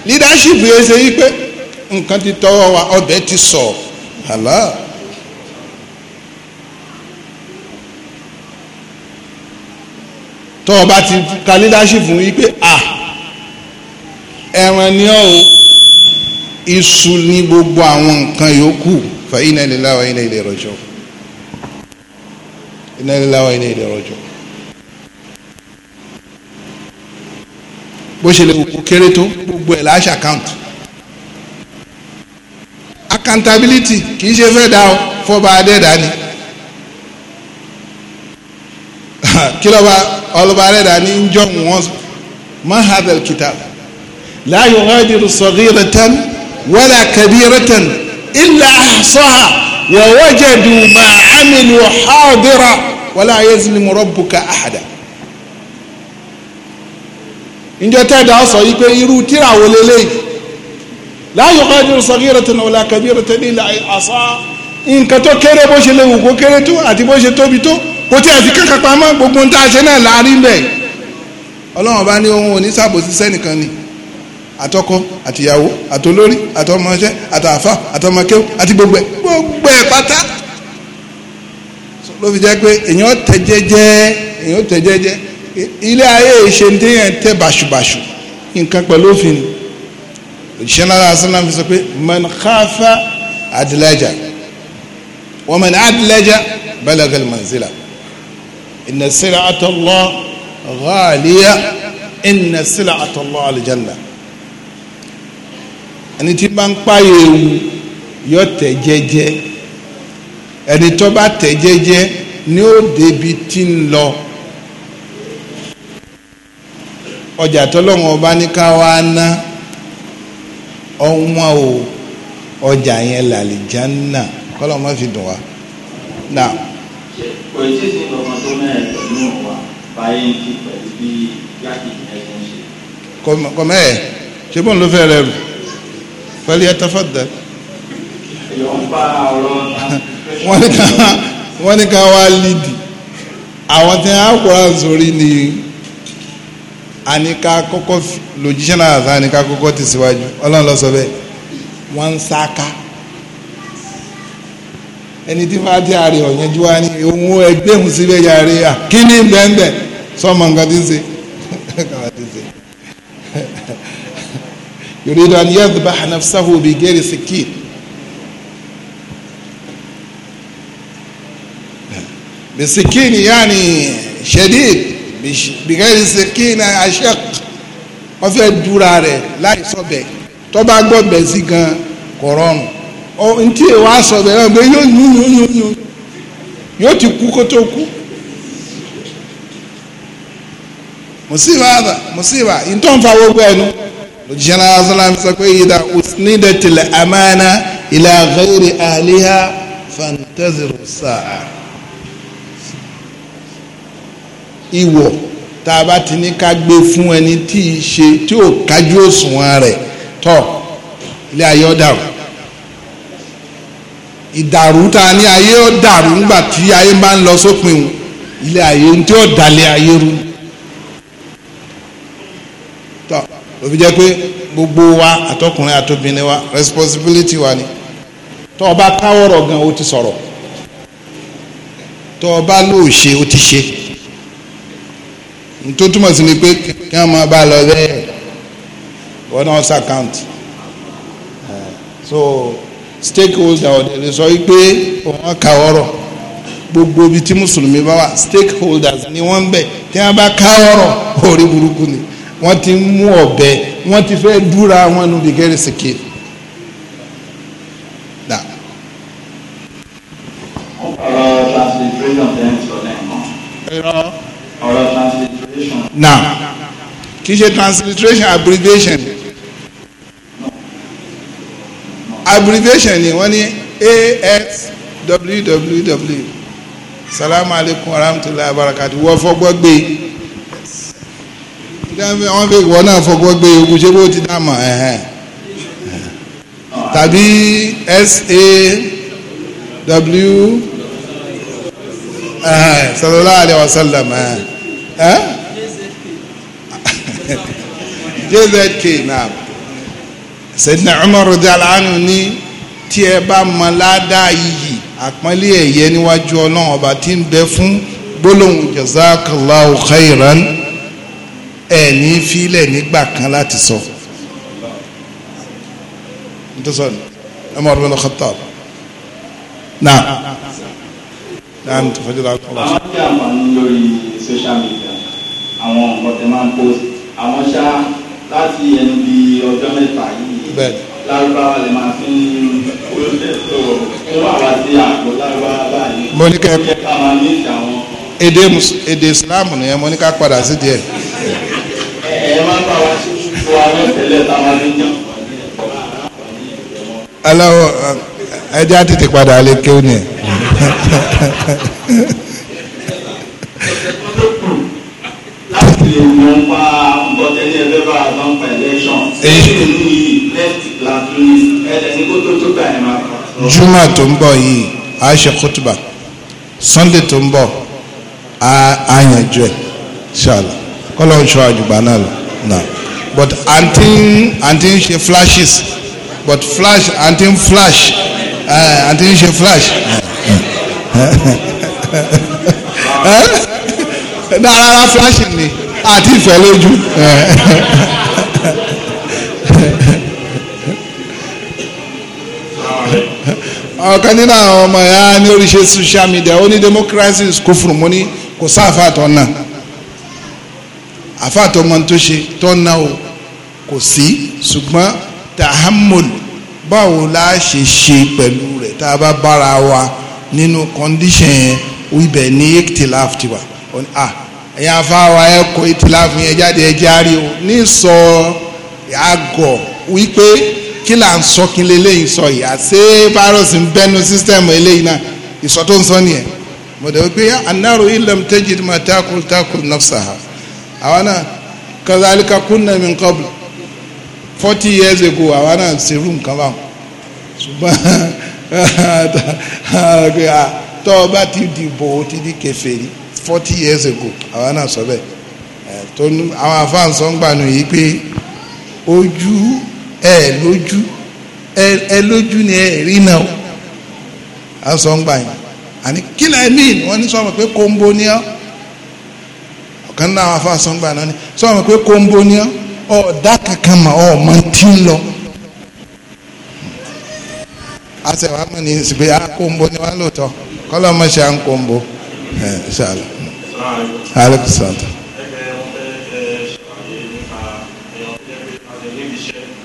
leadership yẹn ṣe yí pé nǹkan ti tọwọ́ wa ọbẹ̀ ti sọ̀ hàlá. tó o bá ti ka leadership fún yí pé à ẹran ni ọ́ o iṣu ní gbogbo àwọn nǹkan yòókù fa inna lillahi wa inna ilayhi raji'un inna lillahi wa inna ilayhi raji'un. bó ṣe lè kó kéré tó gbogbo ẹ̀ láṣà account accountability kì í ṣe fẹ́ dá ọ fọba adẹ́dá ni. Ah, kílọba ọlọba rẹ̀dá ní njọ́ wọn ma hadha alkitab la yughadiru saghiratan wala kabiratan illa ahsaha wa wajadu ma amilu hadira wala yazlimu rabbuka ahada njọ́ tẹ́ẹ̀dá sọ yí pé irú tíra wo lélẹ́yìí la yughadiru saghiratan wala kabiratan illa ahsaha nǹkan tó kéré bó ṣe léwu kó kéré tó àti bó ṣe tóbi tó kò tí ẹ̀ fi kankan pamọ́ gbogbo ń tá a ṣe náà láàrin bẹ́ẹ̀ ọlọ́run bá ní ohun òní sàbòsí sẹ́nìkan ni àtọkọ àtìyàwó àtolórí àtọmọṣẹ́ àtàfà àtọmọkéwò àti gbogbo ẹ̀ gbogbo ẹ̀ pátá ló fi jẹ́ pé èèyàn tẹ jẹ́jẹ́ èèyàn tẹ jẹ́jẹ́ ilé ayé ìṣe ní téèyàn tẹ bàṣùbàṣù nǹkan pẹ̀lú òfin òṣìṣẹ́ náà asánà fi sọ pé man khafa adlaja wa man adlaja balagal manzila inna sil'ata Allah ghaliya inna sil'ata Allah aljanna ẹni tí bá ń páyé ewu yọ tẹ̀ jẹ́jẹ́ ẹni tó bá tẹ̀ jẹ́jẹ́ ni ó débi tí ń lọ ọjà tọ́lọ́wọ́n ọba ní ká wá ná ọ̀wọ́n o ọjà yẹn làlìjánná kọ́lọ́ fi dùn wá náà kò tí ì sí nǹkan tó mẹ́rin pẹ̀lú wa báyé ń ti pẹ̀lú bí yákìtì ẹ̀ tó ń ṣe. kọ̀mọ́ ẹ̀ ṣé bọ́n ló fẹ́ rẹ rù pẹ̀lú ẹ̀ tọ́fọ̀dà. ìyọ̀nba ọ̀rọ̀ *laughs* wọ́n ní ká wá lídìí àwọn tí wọ́n á kóra sórí ni àníká kọ́kọ́ lòjíṣẹ́ náà àti àníká kọ́kọ́ tẹ̀síwájú ọlọ́run lọ sọ bẹ́ẹ̀ wọ́n ń sáká ẹni tí máa jẹ́ àrè ọ̀yẹ́jú wa ni òun ẹgbẹ́ òun síbẹ̀ yàrá à kí ni bẹ́ńbẹ́ sọmọ nǹkan tí ń ṣe yorùbá ni yẹ́n ti bá hanafisahu bi gẹ́rì sikin. بسكين يعني شديد بغير سكين أشق wọ́n fẹ́ dúra rẹ̀ láì sọ́bẹ̀ tó bá gbọ́ gan kò ntí èèwà aṣọ bẹ̀rẹ̀ ọ̀gbẹ́ yóò yún yún yún yún yóò ti kú kó tó kú. musiba ada musiba ntọ́nfà gbogbo ẹnu lójijì náà asalaam sọ pé ìdá usnidatil amana ila ghairi ahliha fantaziru sa'a. ìwọ tá a bá ti ní ká gbé fún ẹni tí ì ṣe tí ò kájú òṣùwọ̀n rẹ̀ tọ́ ilé ayé ọ̀dà ìdàrú tá a ní ayé ó dàrú ńgbà tí ayé máa ń lọ sópin o ilé ayé tí ó dalẹ̀ ayé rú tó òfin jẹ́ pé gbogbo wa àtọkùnrin àtobìnrin wa responsibility wa ni tó o bá káwọ́rọ̀ gan o ti sọ̀rọ̀ tó o bá lò o ti ṣe tó túmọ̀ sí ni pé kí wọ́n máa bá lọ bẹ́ẹ̀ wọ́n náà ṣàkáǹtì so stakeholder ọ̀dẹ̀ lè sọ wípé òun ka ọ̀rọ̀ gbogbo ibi tí mùsùlùmí bá wà stakeholders ni wọ́n ń bẹ̀ tí wọ́n bá ka ọ̀rọ̀ orí burúkú ni wọ́n ti mú ọ̀bẹ wọ́n ti fẹ́ dúra wọn nu bí kẹ́rì ọ̀rọ̀ transliteration. now kì í ṣe transliteration abbreviation abbreviation ni wọ́n ní aswww salamu alaykum warahmatulahi wabarakatu wọ́n fọgbọ́ gbé wọ́n fi wọ́n náà fọgbọ́ gbé ogun ṣé bó ti dá mọ̀ ẹ̀hẹ́n tàbí saw sallallahu alayhi wa sallam *laughs* jzk naam. Sayyidina Umar radiyallahu anhu ní tí ẹ bá mọ ládàá iyì àpọ́nlé ẹ̀yẹ níwájú ọlọ́run ọba tí ń bẹ fún gbólóhùn jazakallahu khairan ẹ̀ ní fílẹ̀ nígbà kan láti sọ. nítorí Umar bin Khattab náà náà tó fọjú àwọn tí a mọ̀ lórí social media àwọn nǹkan tẹ máa ń post àwọn ṣá láti ẹnu bíi ọjọ́ mẹ́ta yìí bẹ́ẹ̀ni. lárúbáwá lè máa fi olùdókòwò wà sí àgbo lárúbáwá báyìí. mo ní kẹ́ ẹ ká máa ní ìdáwọn. èdè èdè ìsìláàmù nìyẹn mo ní ká padà sí díẹ̀. ẹ ẹ máa ń bá wa ṣe ṣùkú alẹ́ tẹ́lẹ̀ táwọn ní jẹun. aláwọ ẹjẹ á tètè padà lè kéwù nìyẹn. láti lè mú pa ọ̀tẹ́lẹ̀ ẹgbẹ́ bá a lọ́n pẹ̀lú ẹ̀ṣọ́n juma tó ń bọ̀ yìí a ṣe kutuba sunday tó ń bọ̀ a yànjú ẹ̀ ṣàlọ́ kọ́lọ́n ṣọ́ àjùgbà náà lọ náà but àǹtí àǹtí ń ṣe flashes but flash àǹtí ń flash àǹtí ń ṣe flash. dára rárá flashing ni àti ìfẹ́ lójú. ọ̀kan nínú àwọn ọmọ ẹ̀yà ní oríṣi social media ó ní democracy kò fún mu ní kò sáfà tó nà àfà tó mọ tó ṣe tó nà o kò sí ṣùgbọ́n tahammul báwo la ṣe ṣe pẹ̀lú rẹ̀ tá a bá bára wa nínú condition yẹn ibẹ̀ ní ikhtilaf tiwa ẹ̀yin afáwa ẹ̀ kó ikhtilaf yẹn jáde ẹ̀ járe o ní sọ àgọ̀ wípé kí là ń sọ kí leléyìí sọ yìí àṣé virus ń bẹnu system eléyìí náà ìsọ tó ń sọ nìyẹn mo dẹ̀ wípé anáàrò ilẹ̀ mi tẹ́jì ma takul takul nafsaha àwọn náà kazalika kunna min qabl forty years ago àwọn náà ṣerú nǹkan báwọn ṣùgbọ́n *laughs* tọ́ ọ bá ti dìbò ó ti di kèfèrí forty years ago àwọn náà sọ bẹ́ẹ̀ tó àwọn afáǹsọ̀ ń gbànú yìí pé ojú. ẹ lójú ẹ lójú ni ẹ rí náà a sọ ń gbà yín àní kí ni i mean ní sọ́mọ̀ pé kóńbó ni ọ ọ̀kan náà àwọn afa sọ ń gbà náà ni sọ́mọ̀ pé kóńbó ni ọ́ ọ̀dà kankan mà tí ń lọ. a sẹ̀ wá mọ̀ ní ìsìnkú yà á kóńbó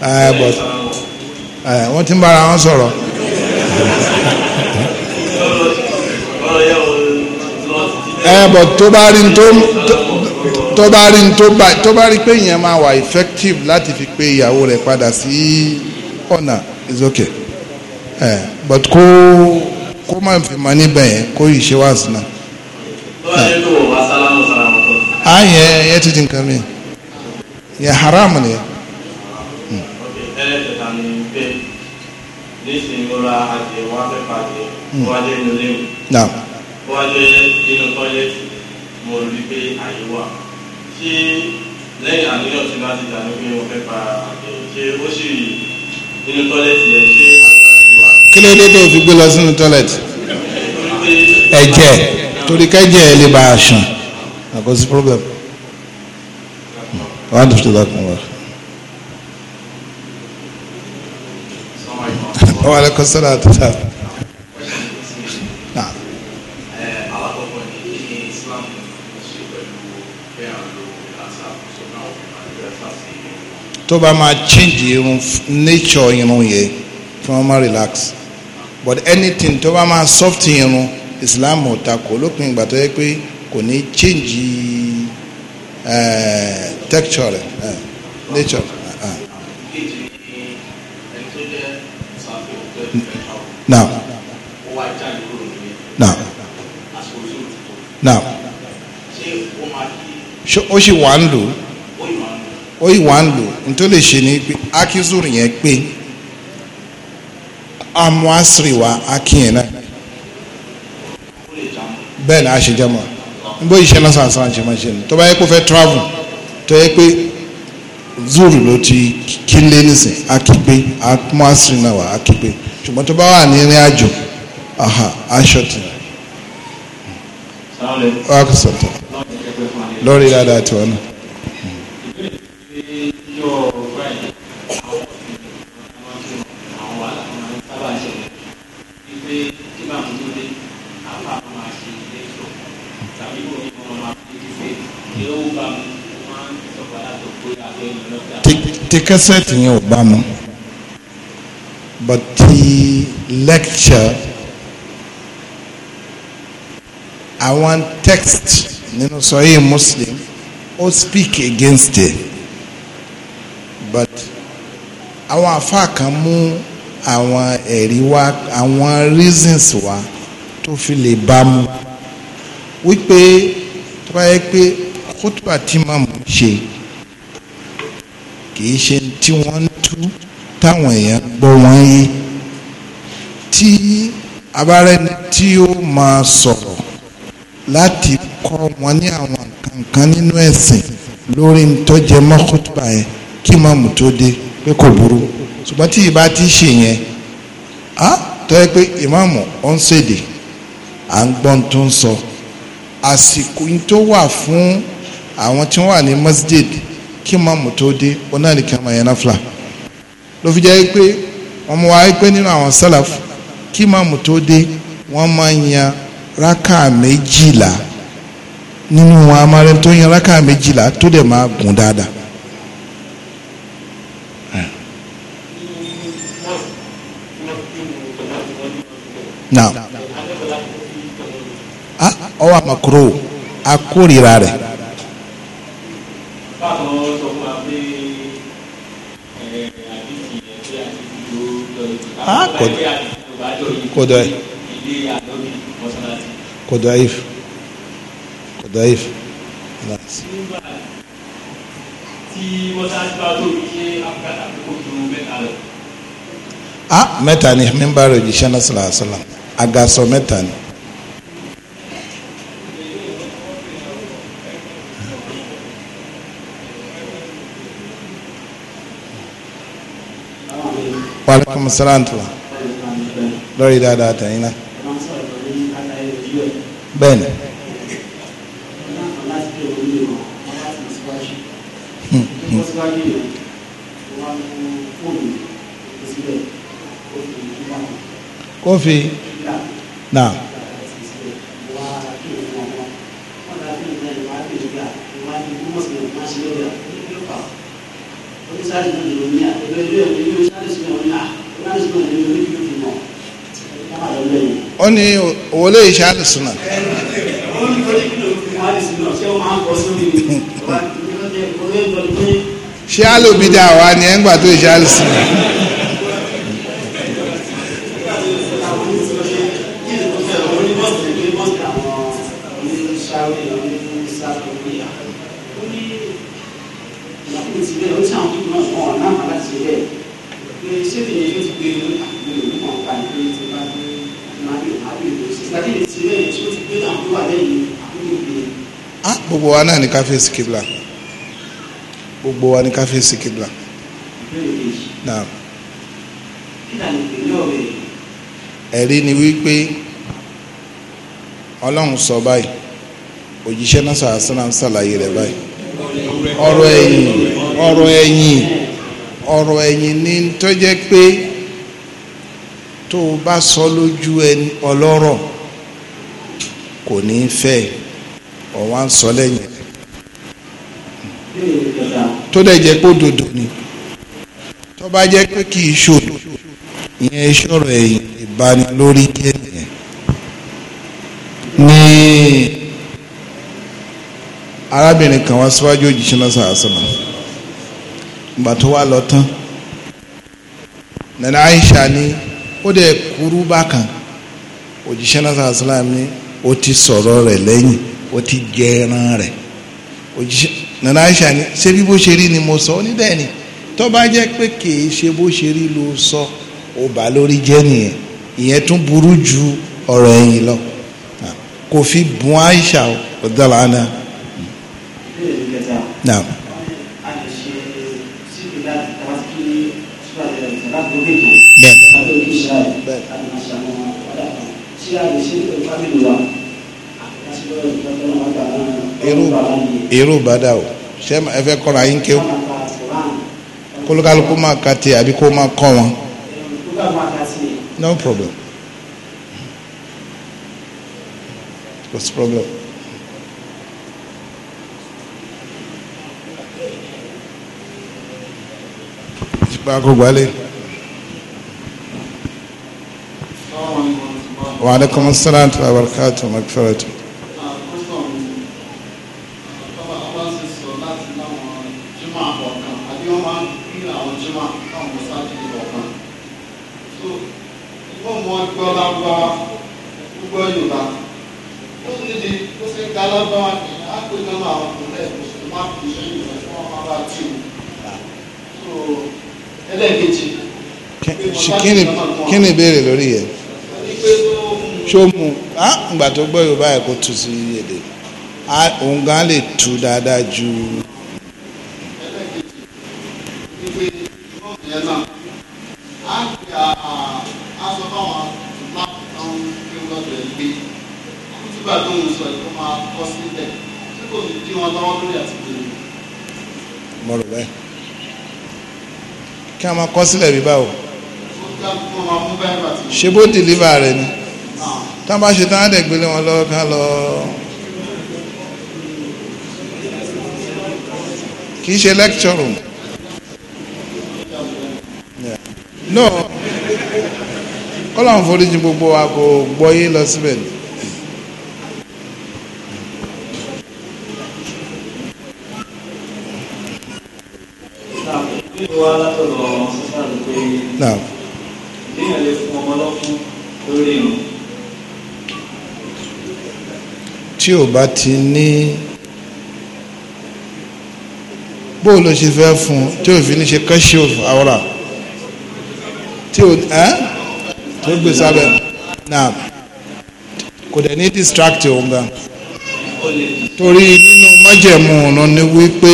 Eh, eh, wọ́n ti ń bára wọn sọ̀rọ̀. Eh, tó bá rí pé ìyẹn máa wà effective láti fi pe ìyàwó rẹ̀ padà sí ọ̀nà is okay eh but kó kó má fi mọ níbẹ̀ yẹn kó yìí ṣe wá sí náà. Ah, mi yẹn haram ni nísìnyí mo ra adìẹ wọn fẹ́ pa adìẹ hmm. wọn dé inú lẹ́yìn wọn dé inú tọ́lẹ́tì mo rí pé àyè wà ṣé lẹ́yìn àníyàn tí bá ti dà ní pé mo fẹ́ pa adìẹ ṣé ó sì inú tọ́lẹ́tì yẹn ṣé kí ló dé tó fi gbé lọ sínú tọ́lẹ́tì ẹ̀jẹ̀ torí kẹ́jẹ̀ ẹ̀ lè bá a àkọsí problem. wọ́n á dùn sí lọ́kùnrin wa. wa aleykum salaam àti sáà. tó bá máa change irun nature irun yẹn kí wọ́n máa relax but anything tó bá máa soft irun Islam ò takò lópin ìgbà tó yẹ pé kò ní change eh, texture eh, nature. náà náà náà ó sì wà ń lò ó yìí wà ń lò n tó lè ṣe ni pé akizur yẹn pé amuasiri wa akin yẹn náà bẹ́ẹ̀ ni a ṣe jẹ́ mọ́ n bó yìí ṣe náà sàn sàn ṣe máa ṣe ni tó bá yẹ kó fẹ́ travel tó yẹ pé zoro ló ti kílé nísìn akígbé atmọ́sìnàwà akígbé ṣùgbọ́n tó bá wà ní ìrìn àjò aṣọ tì lórí dáadáa tiwọn náà. tí kẹsẹ̀tì yẹn ò bá mu but ti lecture àwọn text nínú sọ́yìn Muslim ó speak against it but àwọn afa kan mú àwọn ẹ̀rí wa àwọn reasons wa tó fi lè bá mu wípé tó bá yẹ pé kótópà tí màmú ṣe kì í ṣe tí wọ́n ń tú táwọn èèyàn gbọ́ wọ́n yé tí abárẹ́ni tí ó máa sọ̀rọ̀ láti kọ́ wọn ní àwọn kankan nínú ẹ̀sìn lórí ntọ́jẹ mọ́kútùbà yẹn kí mọ́mù tó dé pé kò burú ṣùgbọ́n tí ìbá ti ṣe yẹn á tọ́ pé ìmáàmù ó ń ṣèdè à ń gbọ́n tó ń sọ àsìkò tó wà fún àwọn tí wọ́n wà ní masjid kí mọ́mù dee dé òun náà nìkan máa yẹn ló fi jẹ́ pé ọmọ wa pé nínú àwọn sálàf kí mọ́mù tó dé wọ́n máa yan rákà méjìlá nínú wọn amárẹ tó yan rákà méjìlá tó dẹ̀ máa gùn dáadáa. now ah, ọwọ́ kò dọ̀ ẹ́ kò if ẹ́ kò dọ̀ ẹ́ ah mẹ́ta ni mímbàrò jíṣẹ́ náà sọ̀rọ̀ àṣàlà àgàsọ mẹ́ta ni. wàlúùkùn sàlántù lórí dáadáa tẹ̀yìn náà. bẹ́ẹ̀ni. Hmm, hmm. Na náà. oníṣàlùmí ìròyìn àtẹ̀gbẹ́lẹ́ ó ní òwò lè ṣe àlùsùnà. *laughs* ṣé àlùbídà wa ni ẹ̀ ń gbà tó ṣe àlùsùnà. wa náà ní káfíńsì kíbla gbogbo wa ní káfíńsì kíbla. ẹ̀rí ni wípé ọlọ́run sọ báyìí òjíṣẹ́ náà sàásánà ń ṣàlàyé rẹ̀ báyìí ọ̀rọ̀ ẹ̀yìn ọ̀rọ̀ ẹ̀yìn ọ̀rọ̀ ẹ̀yìn ni tó jẹ́ pé tó o bá sọ lójú ọlọ́rọ̀ kò ní í ọ̀wá ń sọ lẹ́yìn tó dẹ̀ jẹ́ pé òdodo ni tó bá jẹ́ pé kì í ṣòro ìyẹn ìṣòro ẹ̀yìn ìbanilórí jẹ́ nìyẹn ní arábìnrin kan wá síwájú òjíṣẹ́ lọ́sàn àṣàmà ìgbà tó wá lọ tán nana Aisha ni ó dẹ̀ kúrú bákan òjíṣẹ́ lọ́sàn àṣàmà ni ó ti sọ̀rọ̀ rẹ̀ lẹ́yìn ó ti jẹ ẹran rẹ̀ òjíṣẹ́ nana aisha ni ṣé bí bó ṣe rí ni mo sọ ó ní bẹ́ẹ̀ ni tó bá jẹ́ pé kìí ṣe bó ṣe rí ló sọ ó bà lórí jẹ́ nìyẹn ìyẹn tún burú ju ọ̀rọ̀ ẹ̀yìn lọ kò fi bùn aisha ó dọ̀là náà. Naam. Bẹ́ẹ̀ni irú irú bàdà o ṣé ẹ fẹ́ kọ́ra yín kéw kólúkálukú máa ka tiẹ̀ àbí kó máa kọ́ wọn no problem what's problem. gbàgbọ́gbàlẹ̀. wa alaikumus salam wa barakatuh makfaratu. béèrè lórí yẹn ṣó mu tó gbọ́ yorùbá yẹn kó tu sí òun gan lè tu dáadáa ju. bẹ́ẹ̀ kí ṣe bó dìlíbà rẹ̀ ni tán bá ṣe tán á dẹ̀ gbélé wọn lọ́wọ́ kán lọ. kì í ṣe lecture room. no kọ́lọ́n foríjì gbogbo wa kò gbọ́yé lọ síbẹ̀ ni téèyàn lè fún ọmọ lọ́fún lórí irun. tí ò bá ti ní bó ló ṣe fẹ́ fún tí ò fi ní ṣe kẹ́ṣí àwòrà tí ò ẹ́ tó gbé sábẹ́ náà kò dẹ̀ ní distract òun gan torí nínú májẹ̀mú ọ̀nà ni wípé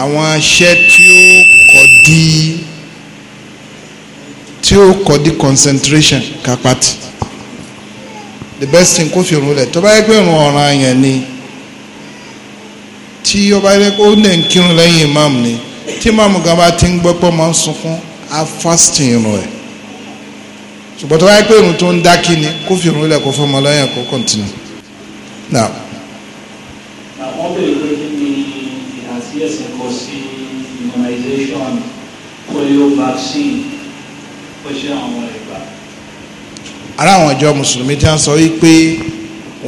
àwọn aṣẹ́ tí ó kọ̀ di tí ó kọ́ di concentration kápátì the best thing kó fi rún lẹ̀ tó bá yẹ pé ìrun ọ̀ràn yẹn ni tí ó bá yẹ pé ó lè ń kírun lẹ́yìn imam ni tí imam gan bá ti ń gbọ́ pé máa ń sunkún á fasting irun ẹ̀ ṣùgbọ́n tó bá yẹ pé ìrun tó ń dá kí ni kó fi rún lẹ̀ kó fọmọ lẹ́yìn kó continue now. àwọn bèrè pé kí ni àti ẹsẹ̀ kọ sí immunization polio vaccine ó ṣe àwọn ìgbà. ara àwọn ìjọ mùsùlùmí tí wọ́n sọ wípé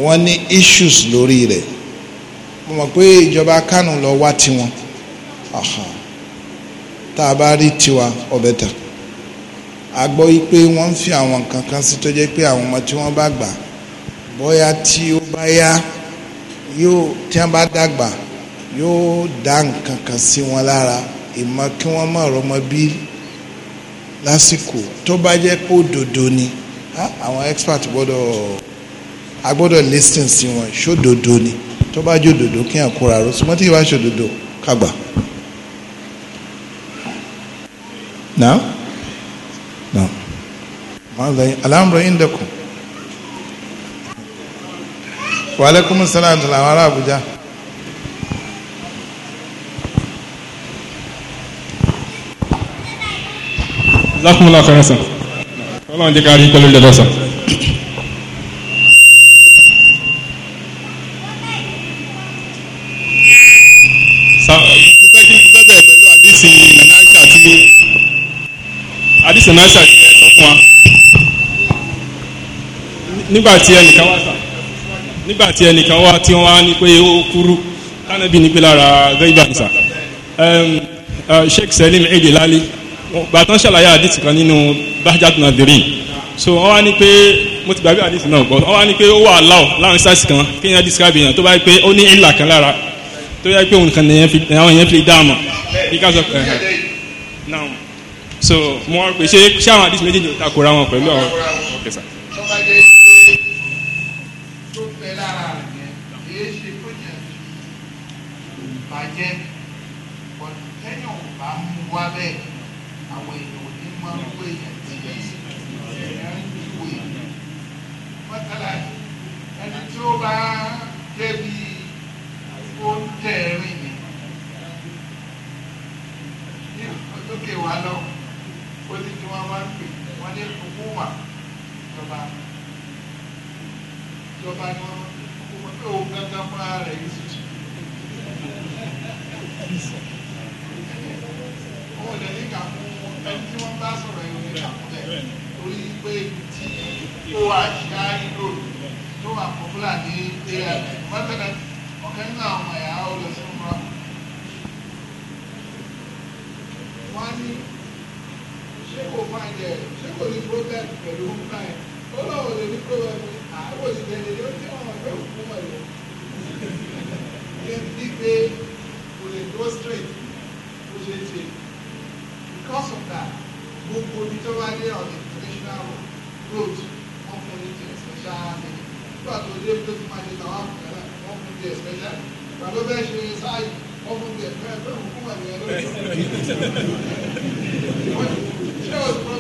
wọ́n ní issues lórí rẹ̀ mo mọ̀ pé ìjọba kánò lọ wá tiwọn tá a bá rí tiwa ọbẹ̀ tà a gbọ́ wípé wọ́n ń fi àwọn nǹkan kan sí tó jẹ́ pé àwọn ọmọ tí wọ́n bá gbà bóyá tí ó bá yá yóò tí wọ́n bá dàgbà yóò dá nǹkan kan sí wọn lára ìmọ̀ kí wọ́n mọ̀ ọ̀rọ̀ mọ bí lásìkò tó bá jẹ́ pé òdodo ni àwọn expert gbọ́dọ̀ a gbọ́dọ̀ listen sí wọn ṣòdodo ni tó bá jẹ́ òdodo kí n kóra ro sùmọ́ tí yìí bá ṣòdodo kàgbà. na na alhamdulilayi indakum wa aleykum salaam wa rahmatulah wa rahmatulah. lákùnmọ́lá fẹ́ràn sàn ọlọ́run jẹ́ ká rí pẹ̀lú ìdẹ́dọ̀ sàn. àdìsí náà ṣàkíyèsí fún wa nígbà tí ẹnìkan wá sàn nígbà tí ẹnìkan wá tí wọ́n á ní pé ó kúrú tánàbí ní pé lára gẹ́gbà nìsà eh, sheikh Salim Eid Lali gbàtàn ṣàlàyé àdìsí kan nínú bájàtú dèrè so wọ́n wá ní pé mo ti gbàgbé àdìsí náà wọ́n wá ní pé ó wà láò láwọn sáàsì kan kí yẹn describe yẹn tó bá yẹ pé ó ní ìlà kan lára tó yẹ pé òun kan nìyẹn fi àwọn yẹn sọ pé ẹhàn now so mo wá pè ṣé ṣé àwọn àdìsí méjèèjì ò takora wọn pẹ̀lú àwọn ọ̀kẹ́sà. fúnra rẹ̀ yìí ó lè ní kà fún ẹni tí wọ́n bá sọ̀rọ̀ ẹ̀rọ ní kà fún ẹ̀ torí pé tí ó wà ṣá ìlú tó wà pọ́pùlà ní ẹ̀rọ mọ́tẹ́lẹ̀ ọ̀kẹ́ nínú àwọn ẹ̀yà ó lọ sí fúnra wọ́n ní ṣé kò máa jẹ ṣé kò ní problem pẹ̀lú fúnra ẹ̀ ó lọ́wọ́ lè ní problem ó ṣe ń kò lè go straight kò ṣe ń ṣe because of that gbogbo ibi tó wá dé on international road wọ́n fún ní ti special meaning nígbà tó dé tó ti máa ṣe tàwọn àfúnà náà wọ́n fún ti special ìgbà tó fẹ́ ṣe sáàyè wọ́n fún ti ẹ̀fẹ́ ẹ̀fẹ́ òkú wà ní ẹ̀rọ ìjọba.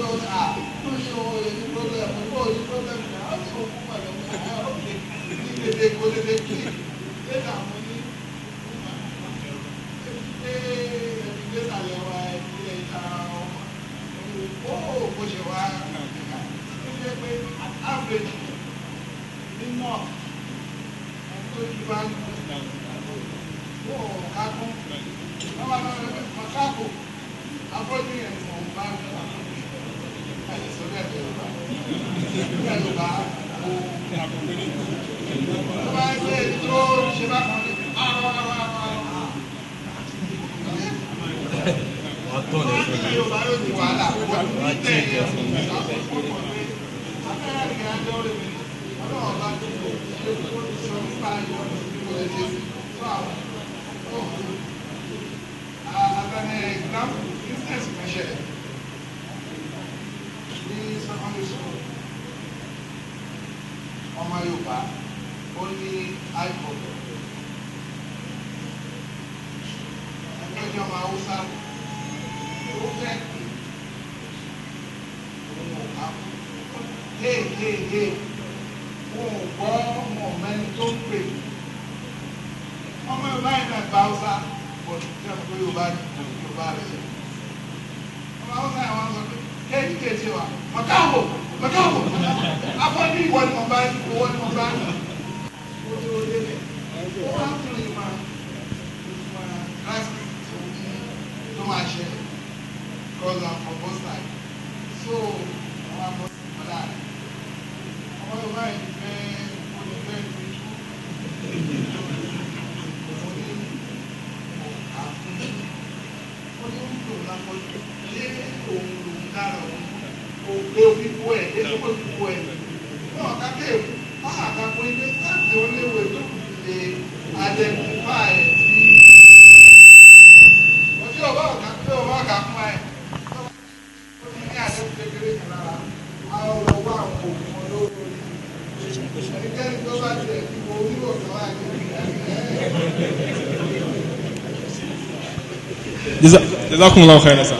jazakumullahu khairan sà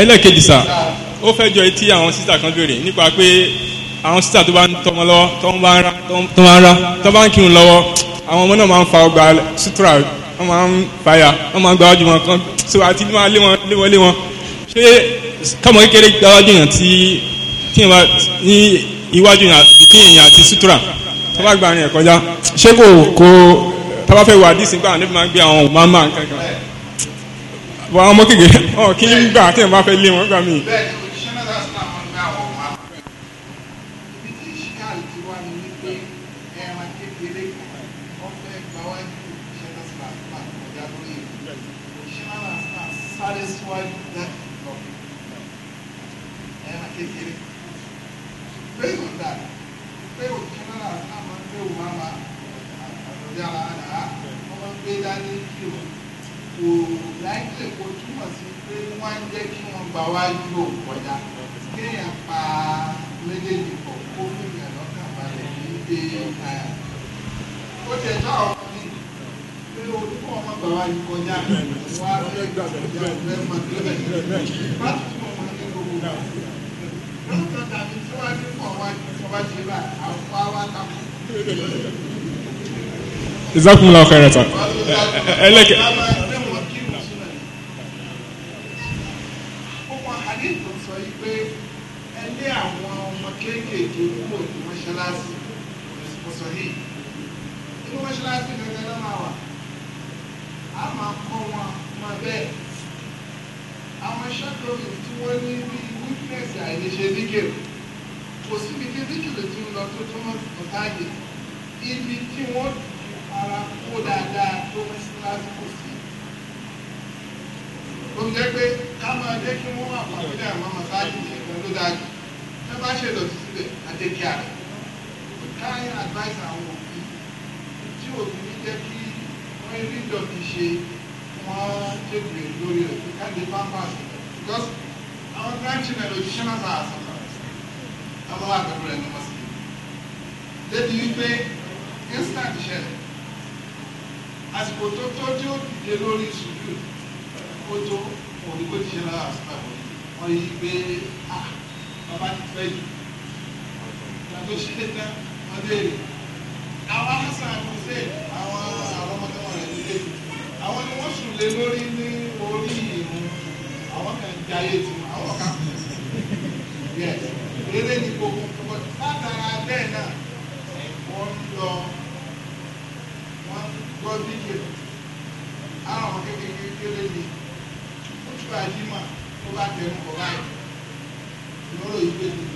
ẹlẹ́kejì sà ó fẹ́ jọ etí àwọn sísà kan béèrè nípa pé àwọn sísà tó bá ń tọmọ lọ́wọ́ tó bá ń ra tó bá ń kírun lọ́wọ́ àwọn ọmọ náà máa ń fa ọgbà sutura wọ́n máa ń fàyà wọ́n máa ń gbáwájú wọn kan so àti máa lé wọn lé wọn lé wọn ṣé kámọ́ kékeré gbáwájú yàn tí tí bá ní iwájú yàn bí yàn àti sutura tó bá gbà rìn ẹ̀ kọjá ṣé kò kò tó bá fẹ́ wà dísìn gbà níbi máa ń gbé àwọn òmùmá máa ń kankan àwọn ọmọ kékeré ọ̀ kí ń gbà tí ẹ̀ bá fẹ́ lé wọn gbà míì. jazakumullah khairan sa ẹlẹ́kẹ̀. kò síbi tí díkìlì ara kó dáadáa tó mọ́ṣáláṣí kò sí. ó ń jẹ́ pé ká máa jẹ́ kí wọ́n máa pàdé ní àwọn masáàjì ní ìgbà tó dáa jù ẹ bá ṣe lọ́tí síbẹ̀ àtẹ̀kí ààrẹ. káyọ̀ advice àwọn òbí tí òbí ní jẹ́ kí wọ́n rí ìdọ̀tí ṣe wọ́n tẹ̀lé lórí rẹ̀ kí káde pampers because àwọn grandchildren òjíṣẹ́ máa bá a sọ̀rọ̀ àwọn àgbẹ̀rẹ̀ ni wọ́n sì débi wípé instant ṣẹlẹ̀ àsìkò tó tó tí ó dìde lórí sùúrù ó tó òun kò ti ṣe lára àsìkò wọn yí pé bàbá ti fẹ́ jù ìgbàgbé sílẹ̀ tán wọn béèrè àwọn hasan àtúnṣe àwọn àwọn ọmọdé wọn rẹ̀ nílé àwọn ni wọ́n sùn lé lórí ní orí ìrùn àwọn kan jayé tí àwọn kan kù yẹ eré ní gbogbo látara bẹ́ẹ̀ náà wọ́n ń lọ ọdún yìí àwọn ọmọ kékeré kéré ni ó tún bá yí mà ó bá tẹnu bọ̀ báyìí ìmọ̀ràn yìí gbé ni.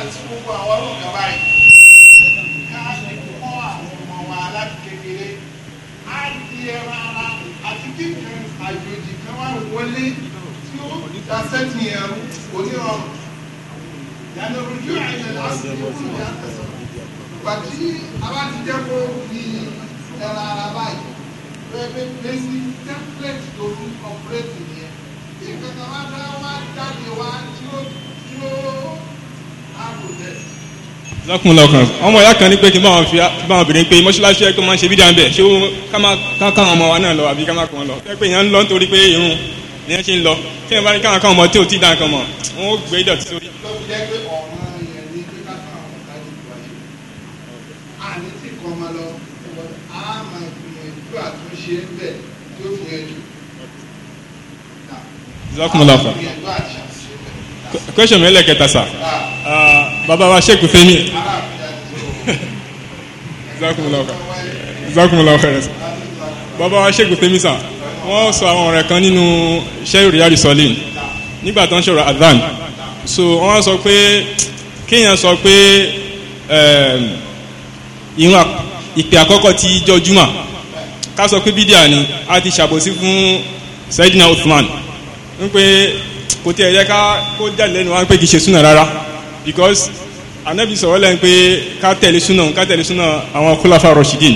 sí gbogbo àwọn ọlọ́ọ̀gá báyìí ká lè kọ́ àwọn ọmọ wa láti kékeré á di ẹran ara àti kíkan àjòjì kan wá wọlé tí ó da sẹ́tì ẹ̀rú onírọ̀rùn yàtọ̀ ojú àìsàn láti kú ní àtẹ̀sán ìgbà tí a bá ti jẹ́ kó ẹran ara báyìí pé pé basic template tó ń ọ̀pẹ́rẹ́tì yẹn kí nǹkan kan wá dáwọ́. lọ́kùn lọ́kàn ọmọ ìyá kan ní pé kí n bá wọn fi bá wọn bèrè pé mọ́ṣáláṣí ẹ̀kọ́ máa ń ṣe bí dáńbẹ̀ ṣé ó káka ọmọ wa náà lọ àbí ká má kàn lọ. pé èèyàn ń lọ nítorí pé irun ni wọ́n ṣe ń lọ tí wọ́n bá ní káwọn káwọn ọmọ tí ò tí ì dá nǹkan mọ̀ wọ́n ó gbé ìdọ̀tí sórí. lọ́kùn lọ́kàn question mi lẹ́kẹ̀ẹ́ta sà. Ah, bàbá wa sheik fẹ́mi zakumulawo kẹrẹ bàbá wa sheik fẹ́mi sà wọ́n sọ àwọn ọ̀rẹ́ kan nínú sheik riyadi sọlin nígbà tó ń sọ̀rọ̀ adhan so wọ́n sọ pé kéèyàn sọ pé ehm, ìrún ìpè àkọ́kọ́ ti jọjúmọ̀ ká sọ pé bídíà ni a ti ṣàbòsí fún Sayyidina Uthman wípé kò tí ẹ̀ yẹ ká kó jáde lẹ́nu wá pé kì í ṣe súnà rárá because anabi sọ̀rọ̀ lẹ́yìn pé ká tẹ̀lé súnà ká tẹ̀lé súnà àwọn kúláfà rọ̀ṣídìn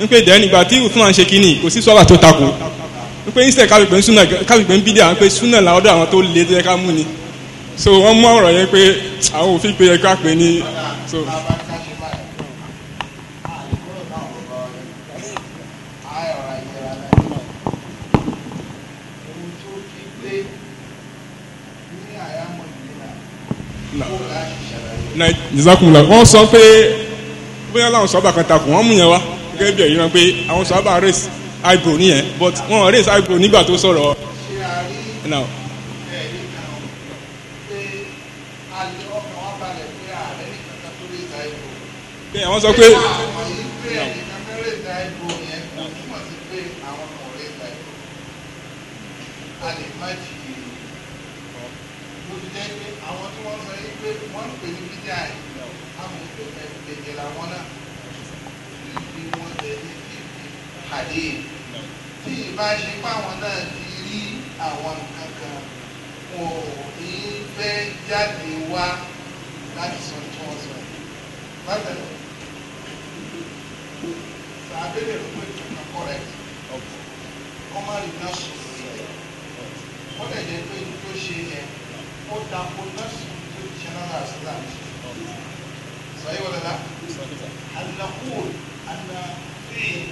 ń pé dẹ́n ìgbà tí Uthman ṣe kínní kò sí sọ́là tó takò ń pé instead kábìpẹ́ ń súnà kábìpẹ́ ń bídẹ̀ àwọn pé súnà làọ́dọ̀ àwọn tó le tó yẹ ká mú ni so wọ́n mú àwọn ọ̀rọ̀ yẹn pé àwọn òfin pé yẹ ká pè ní so. nizakunla wọ́n sọ pé bóyá láwọn sọ́ọ́bà kan takùn wọ́n mú yẹn wá gẹ́gẹ́ bí ẹ̀yìn náà pé àwọn sọ́ọ́bà raise eyebrow nìyẹn but wọ́n raise eyebrow nígbà tó sọ̀rọ̀ bẹ́ẹ̀ wọ́n sọ pé. guy, àwọn èdè làwọn náà ní wọ́n lè ní pàdé. Tí ìbá ṣe páwọn náà ti rí àwọn nǹkan kan, wọn ò ní fẹ́ jáde wá láti sọ tí wọ́n sọ. Bákan náà, sàbẹ̀lẹ̀ ló pé kankan correct. Kọ́má rí náà sùn sí ẹ̀. Wọ́n lè jẹ́ pé tó ṣe yẹn, ó dàpọ̀ náà sùn tó ìṣẹ́ náà láti láti. صحيح ولا لا؟ هل نقول ان في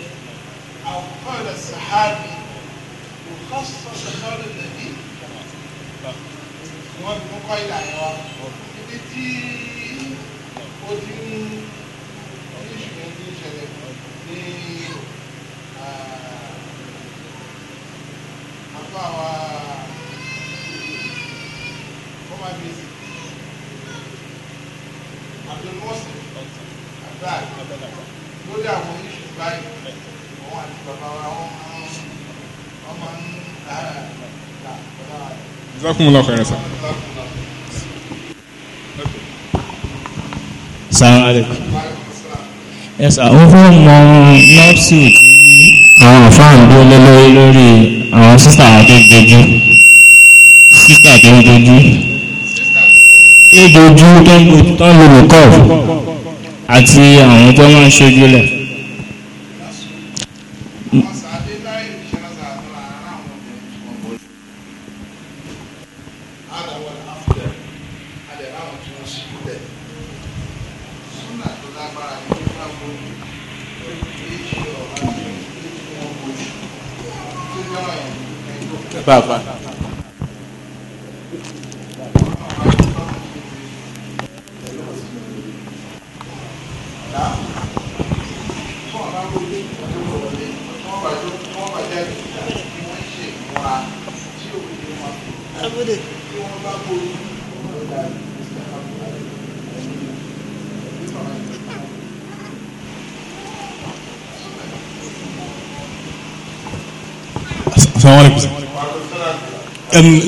او قول الصحابي مخصص قول النبي؟ مو قايل Come on, Missy. abdulmosi àgbà lórí àwọn oníṣòwò báyìí wọn àti bàbá wa wọn ọmọ ń dára là bàbá wa. jazakumullahu khairan sa. salaam níbojú tó ń lò nìkọ́ọ̀fù àti àwọn tó máa ń ṣojú lẹ̀. Bye-bye.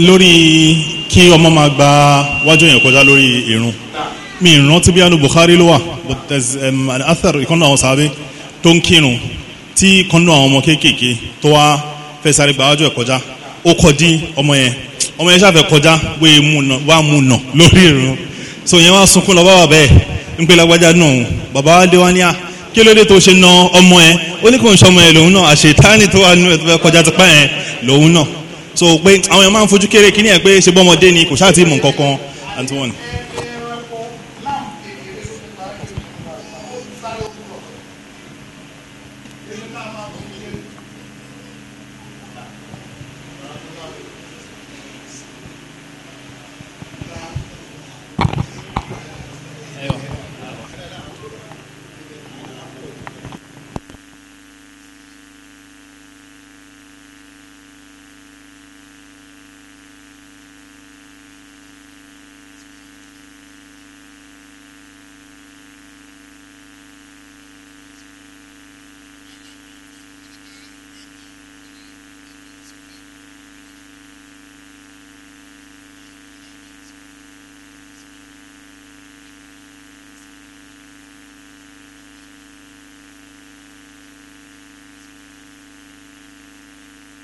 lórí kí ọmọ máa gba wájú èèyàn kọjá lórí irun mi ìrántí bí anu Bukhari ló wà but there's um, an author ìkànnì àwọn sáré tó ń kírun tí kọ́nà àwọn ọmọ kéékèèké tó wá fẹ́ sáré gba wájú ẹ̀ kọjá ó kọ́ dín ọmọ yẹn ọmọ yẹn ṣàfẹ́ kọjá wá mú nà lórí irun so yẹn wá sunkún lọ bá wà bẹ́ẹ̀ ń pè lágbájá náà bàbá wa dé wá ní à ah, kí ló dé tó ṣe na ọmọ ẹ ó ní kò ń ṣọmọ ẹ lòun náà àṣetáni tó wà nínú ẹ tó fẹ́ kọjá ẹ lòun náà so pé àwọn èèyàn máa ń fojú kéré kí ni ẹ pé ṣe bọ́mọdé ni kò ṣáà tí mọ̀ nǹkan kan àti wọn.